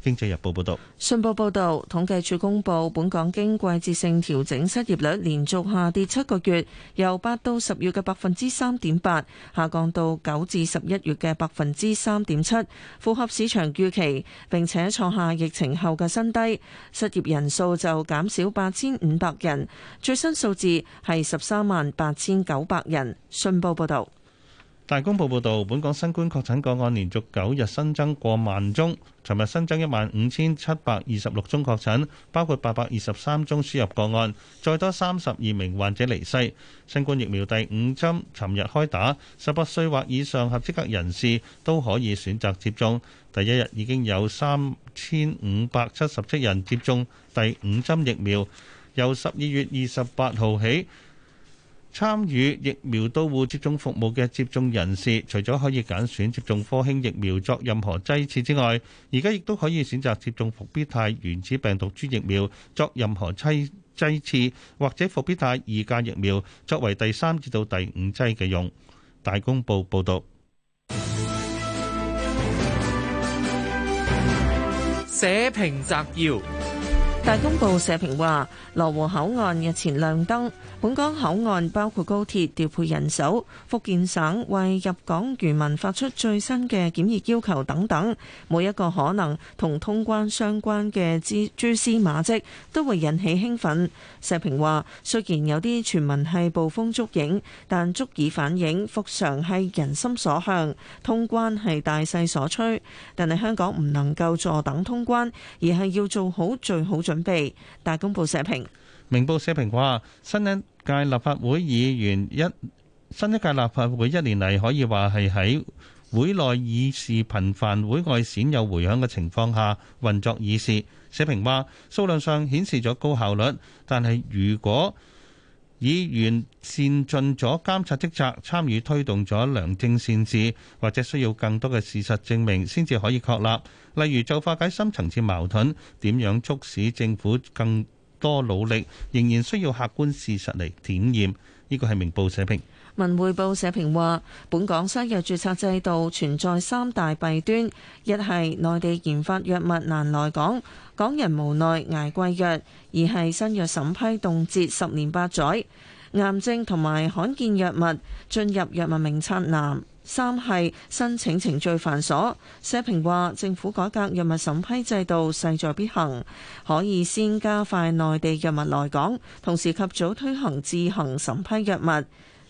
經濟日報報道，信報報道，統計處公布，本港經季節性調整失業率連續下跌七個月，由八到十月嘅百分之三點八下降到九至十一月嘅百分之三點七，符合市場預期，並且創下疫情後嘅新低。失業人數就減少八千五百人，最新數字係十三萬八千九百人。信報報道。大公報報導，本港新冠確診個案連續九日新增過萬宗，尋日新增一萬五千七百二十六宗確診，包括八百二十三宗輸入個案，再多三十二名患者離世。新冠疫苗第五針尋日開打，十八歲或以上合資格人士都可以選擇接種，第一日已經有三千五百七十七人接種第五針疫苗。由十二月二十八號起，參與疫苗到戶接種服務嘅接種人士，除咗可以揀選接種科興疫苗作任何劑次之外，而家亦都可以選擇接種復必泰原始病毒株疫苗作任何劑劑次，或者復必泰二價疫苗作為第三至到第五劑嘅用。大公報報導。社評摘要。大公報社評話：羅湖口岸日前亮燈，本港口岸包括高鐵調配人手，福建省為入港漁民發出最新嘅檢疫要求等等，每一個可能同通關相關嘅蛛蛛絲馬跡，都會引起興奮。社評話：雖然有啲傳聞係捕風捉影，但足以反映復常係人心所向，通關係大勢所趨。但係香港唔能夠坐等通關，而係要做好最好準備。準備大公報社評。明報社評話，新一屆立法會議員一新一屆立法會一年嚟可以話係喺會內議事頻繁，會外鮮有回響嘅情況下運作議事。社評話數量上顯示咗高效率，但係如果以完善盡咗監察職責參與推動咗良政善治，或者需要更多嘅事實證明先至可以確立。例如就化解深層次矛盾，點樣促使政府更多努力，仍然需要客觀事實嚟檢驗，呢個係明報社評。文匯報社評話，本港新藥註冊制度存在三大弊端：一係內地研發藥物難來港，港人無奈挨貴藥；二係新藥審批凍結十年八載，癌症同埋罕見藥物進入藥物名冊難；三係申請程序繁瑣。社評話，政府改革藥物審批制度勢在必行，可以先加快內地藥物來港，同時及早推行自行審批藥物。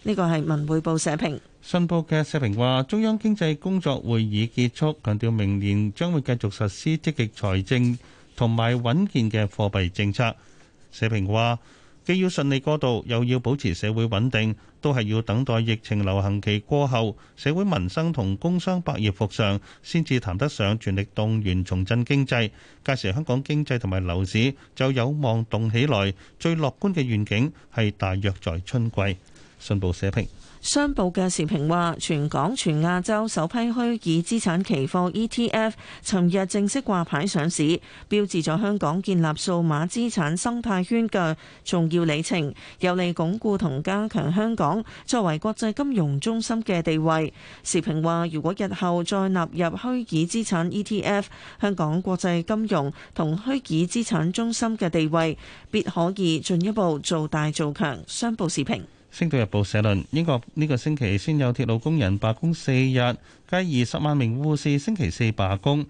呢個係文匯報社評，信報嘅社評話：中央經濟工作會議結束，強調明年將會繼續實施積極財政同埋穩健嘅貨幣政策。社評話，既要順利過渡，又要保持社會穩定，都係要等待疫情流行期過後，社會民生同工商百業復常，先至談得上全力動員重振經濟。屆時，香港經濟同埋樓市就有望動起來。最樂觀嘅願景係大約在春季。商報社評：商報嘅時評話，全港全亞洲首批虛擬資產期貨 ETF，尋日正式掛牌上市，標誌咗香港建立數碼資產生態圈嘅重要里程，有利鞏固同加強香港作為國際金融中心嘅地位。時評話，如果日後再納入虛擬資產 ETF，香港國際金融同虛擬資產中心嘅地位，必可以進一步做大做強。商報時評。《星島日報》社論：英國呢個星期先有鐵路工人罷工四日，繼二十萬名護士星期四罷工，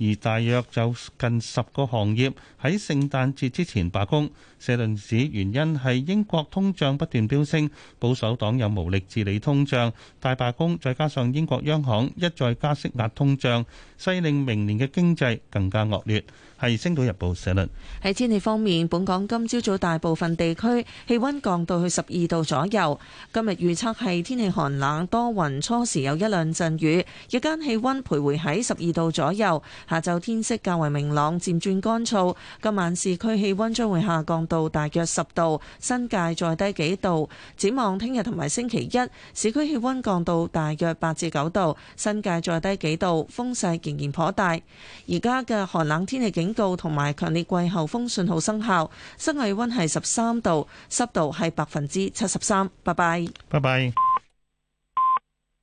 而大約就近十個行業喺聖誕節之前罷工。社論指原因係英國通脹不斷飆升，保守黨有無力治理通脹，大罷工再加上英國央行一再加息壓通脹，勢令明年嘅經濟更加惡劣。係《星島日報》社論。喺天氣方面，本港今朝早，早大部分地區氣溫降到去十二度左右。今日預測係天氣寒冷多雲，初時有一兩陣雨，日間氣溫徘徊喺十二度左右。下晝天色較為明朗，漸轉乾燥。今晚市區氣溫將會下降到大約十度，新界再低幾度。展望聽日同埋星期一，市區氣溫降到大約八至九度，新界再低幾度。風勢仍然頗大。而家嘅寒冷天氣警。告同埋強烈季候風信號生效，室外溫係十三度，濕度係百分之七十三。拜拜，拜拜。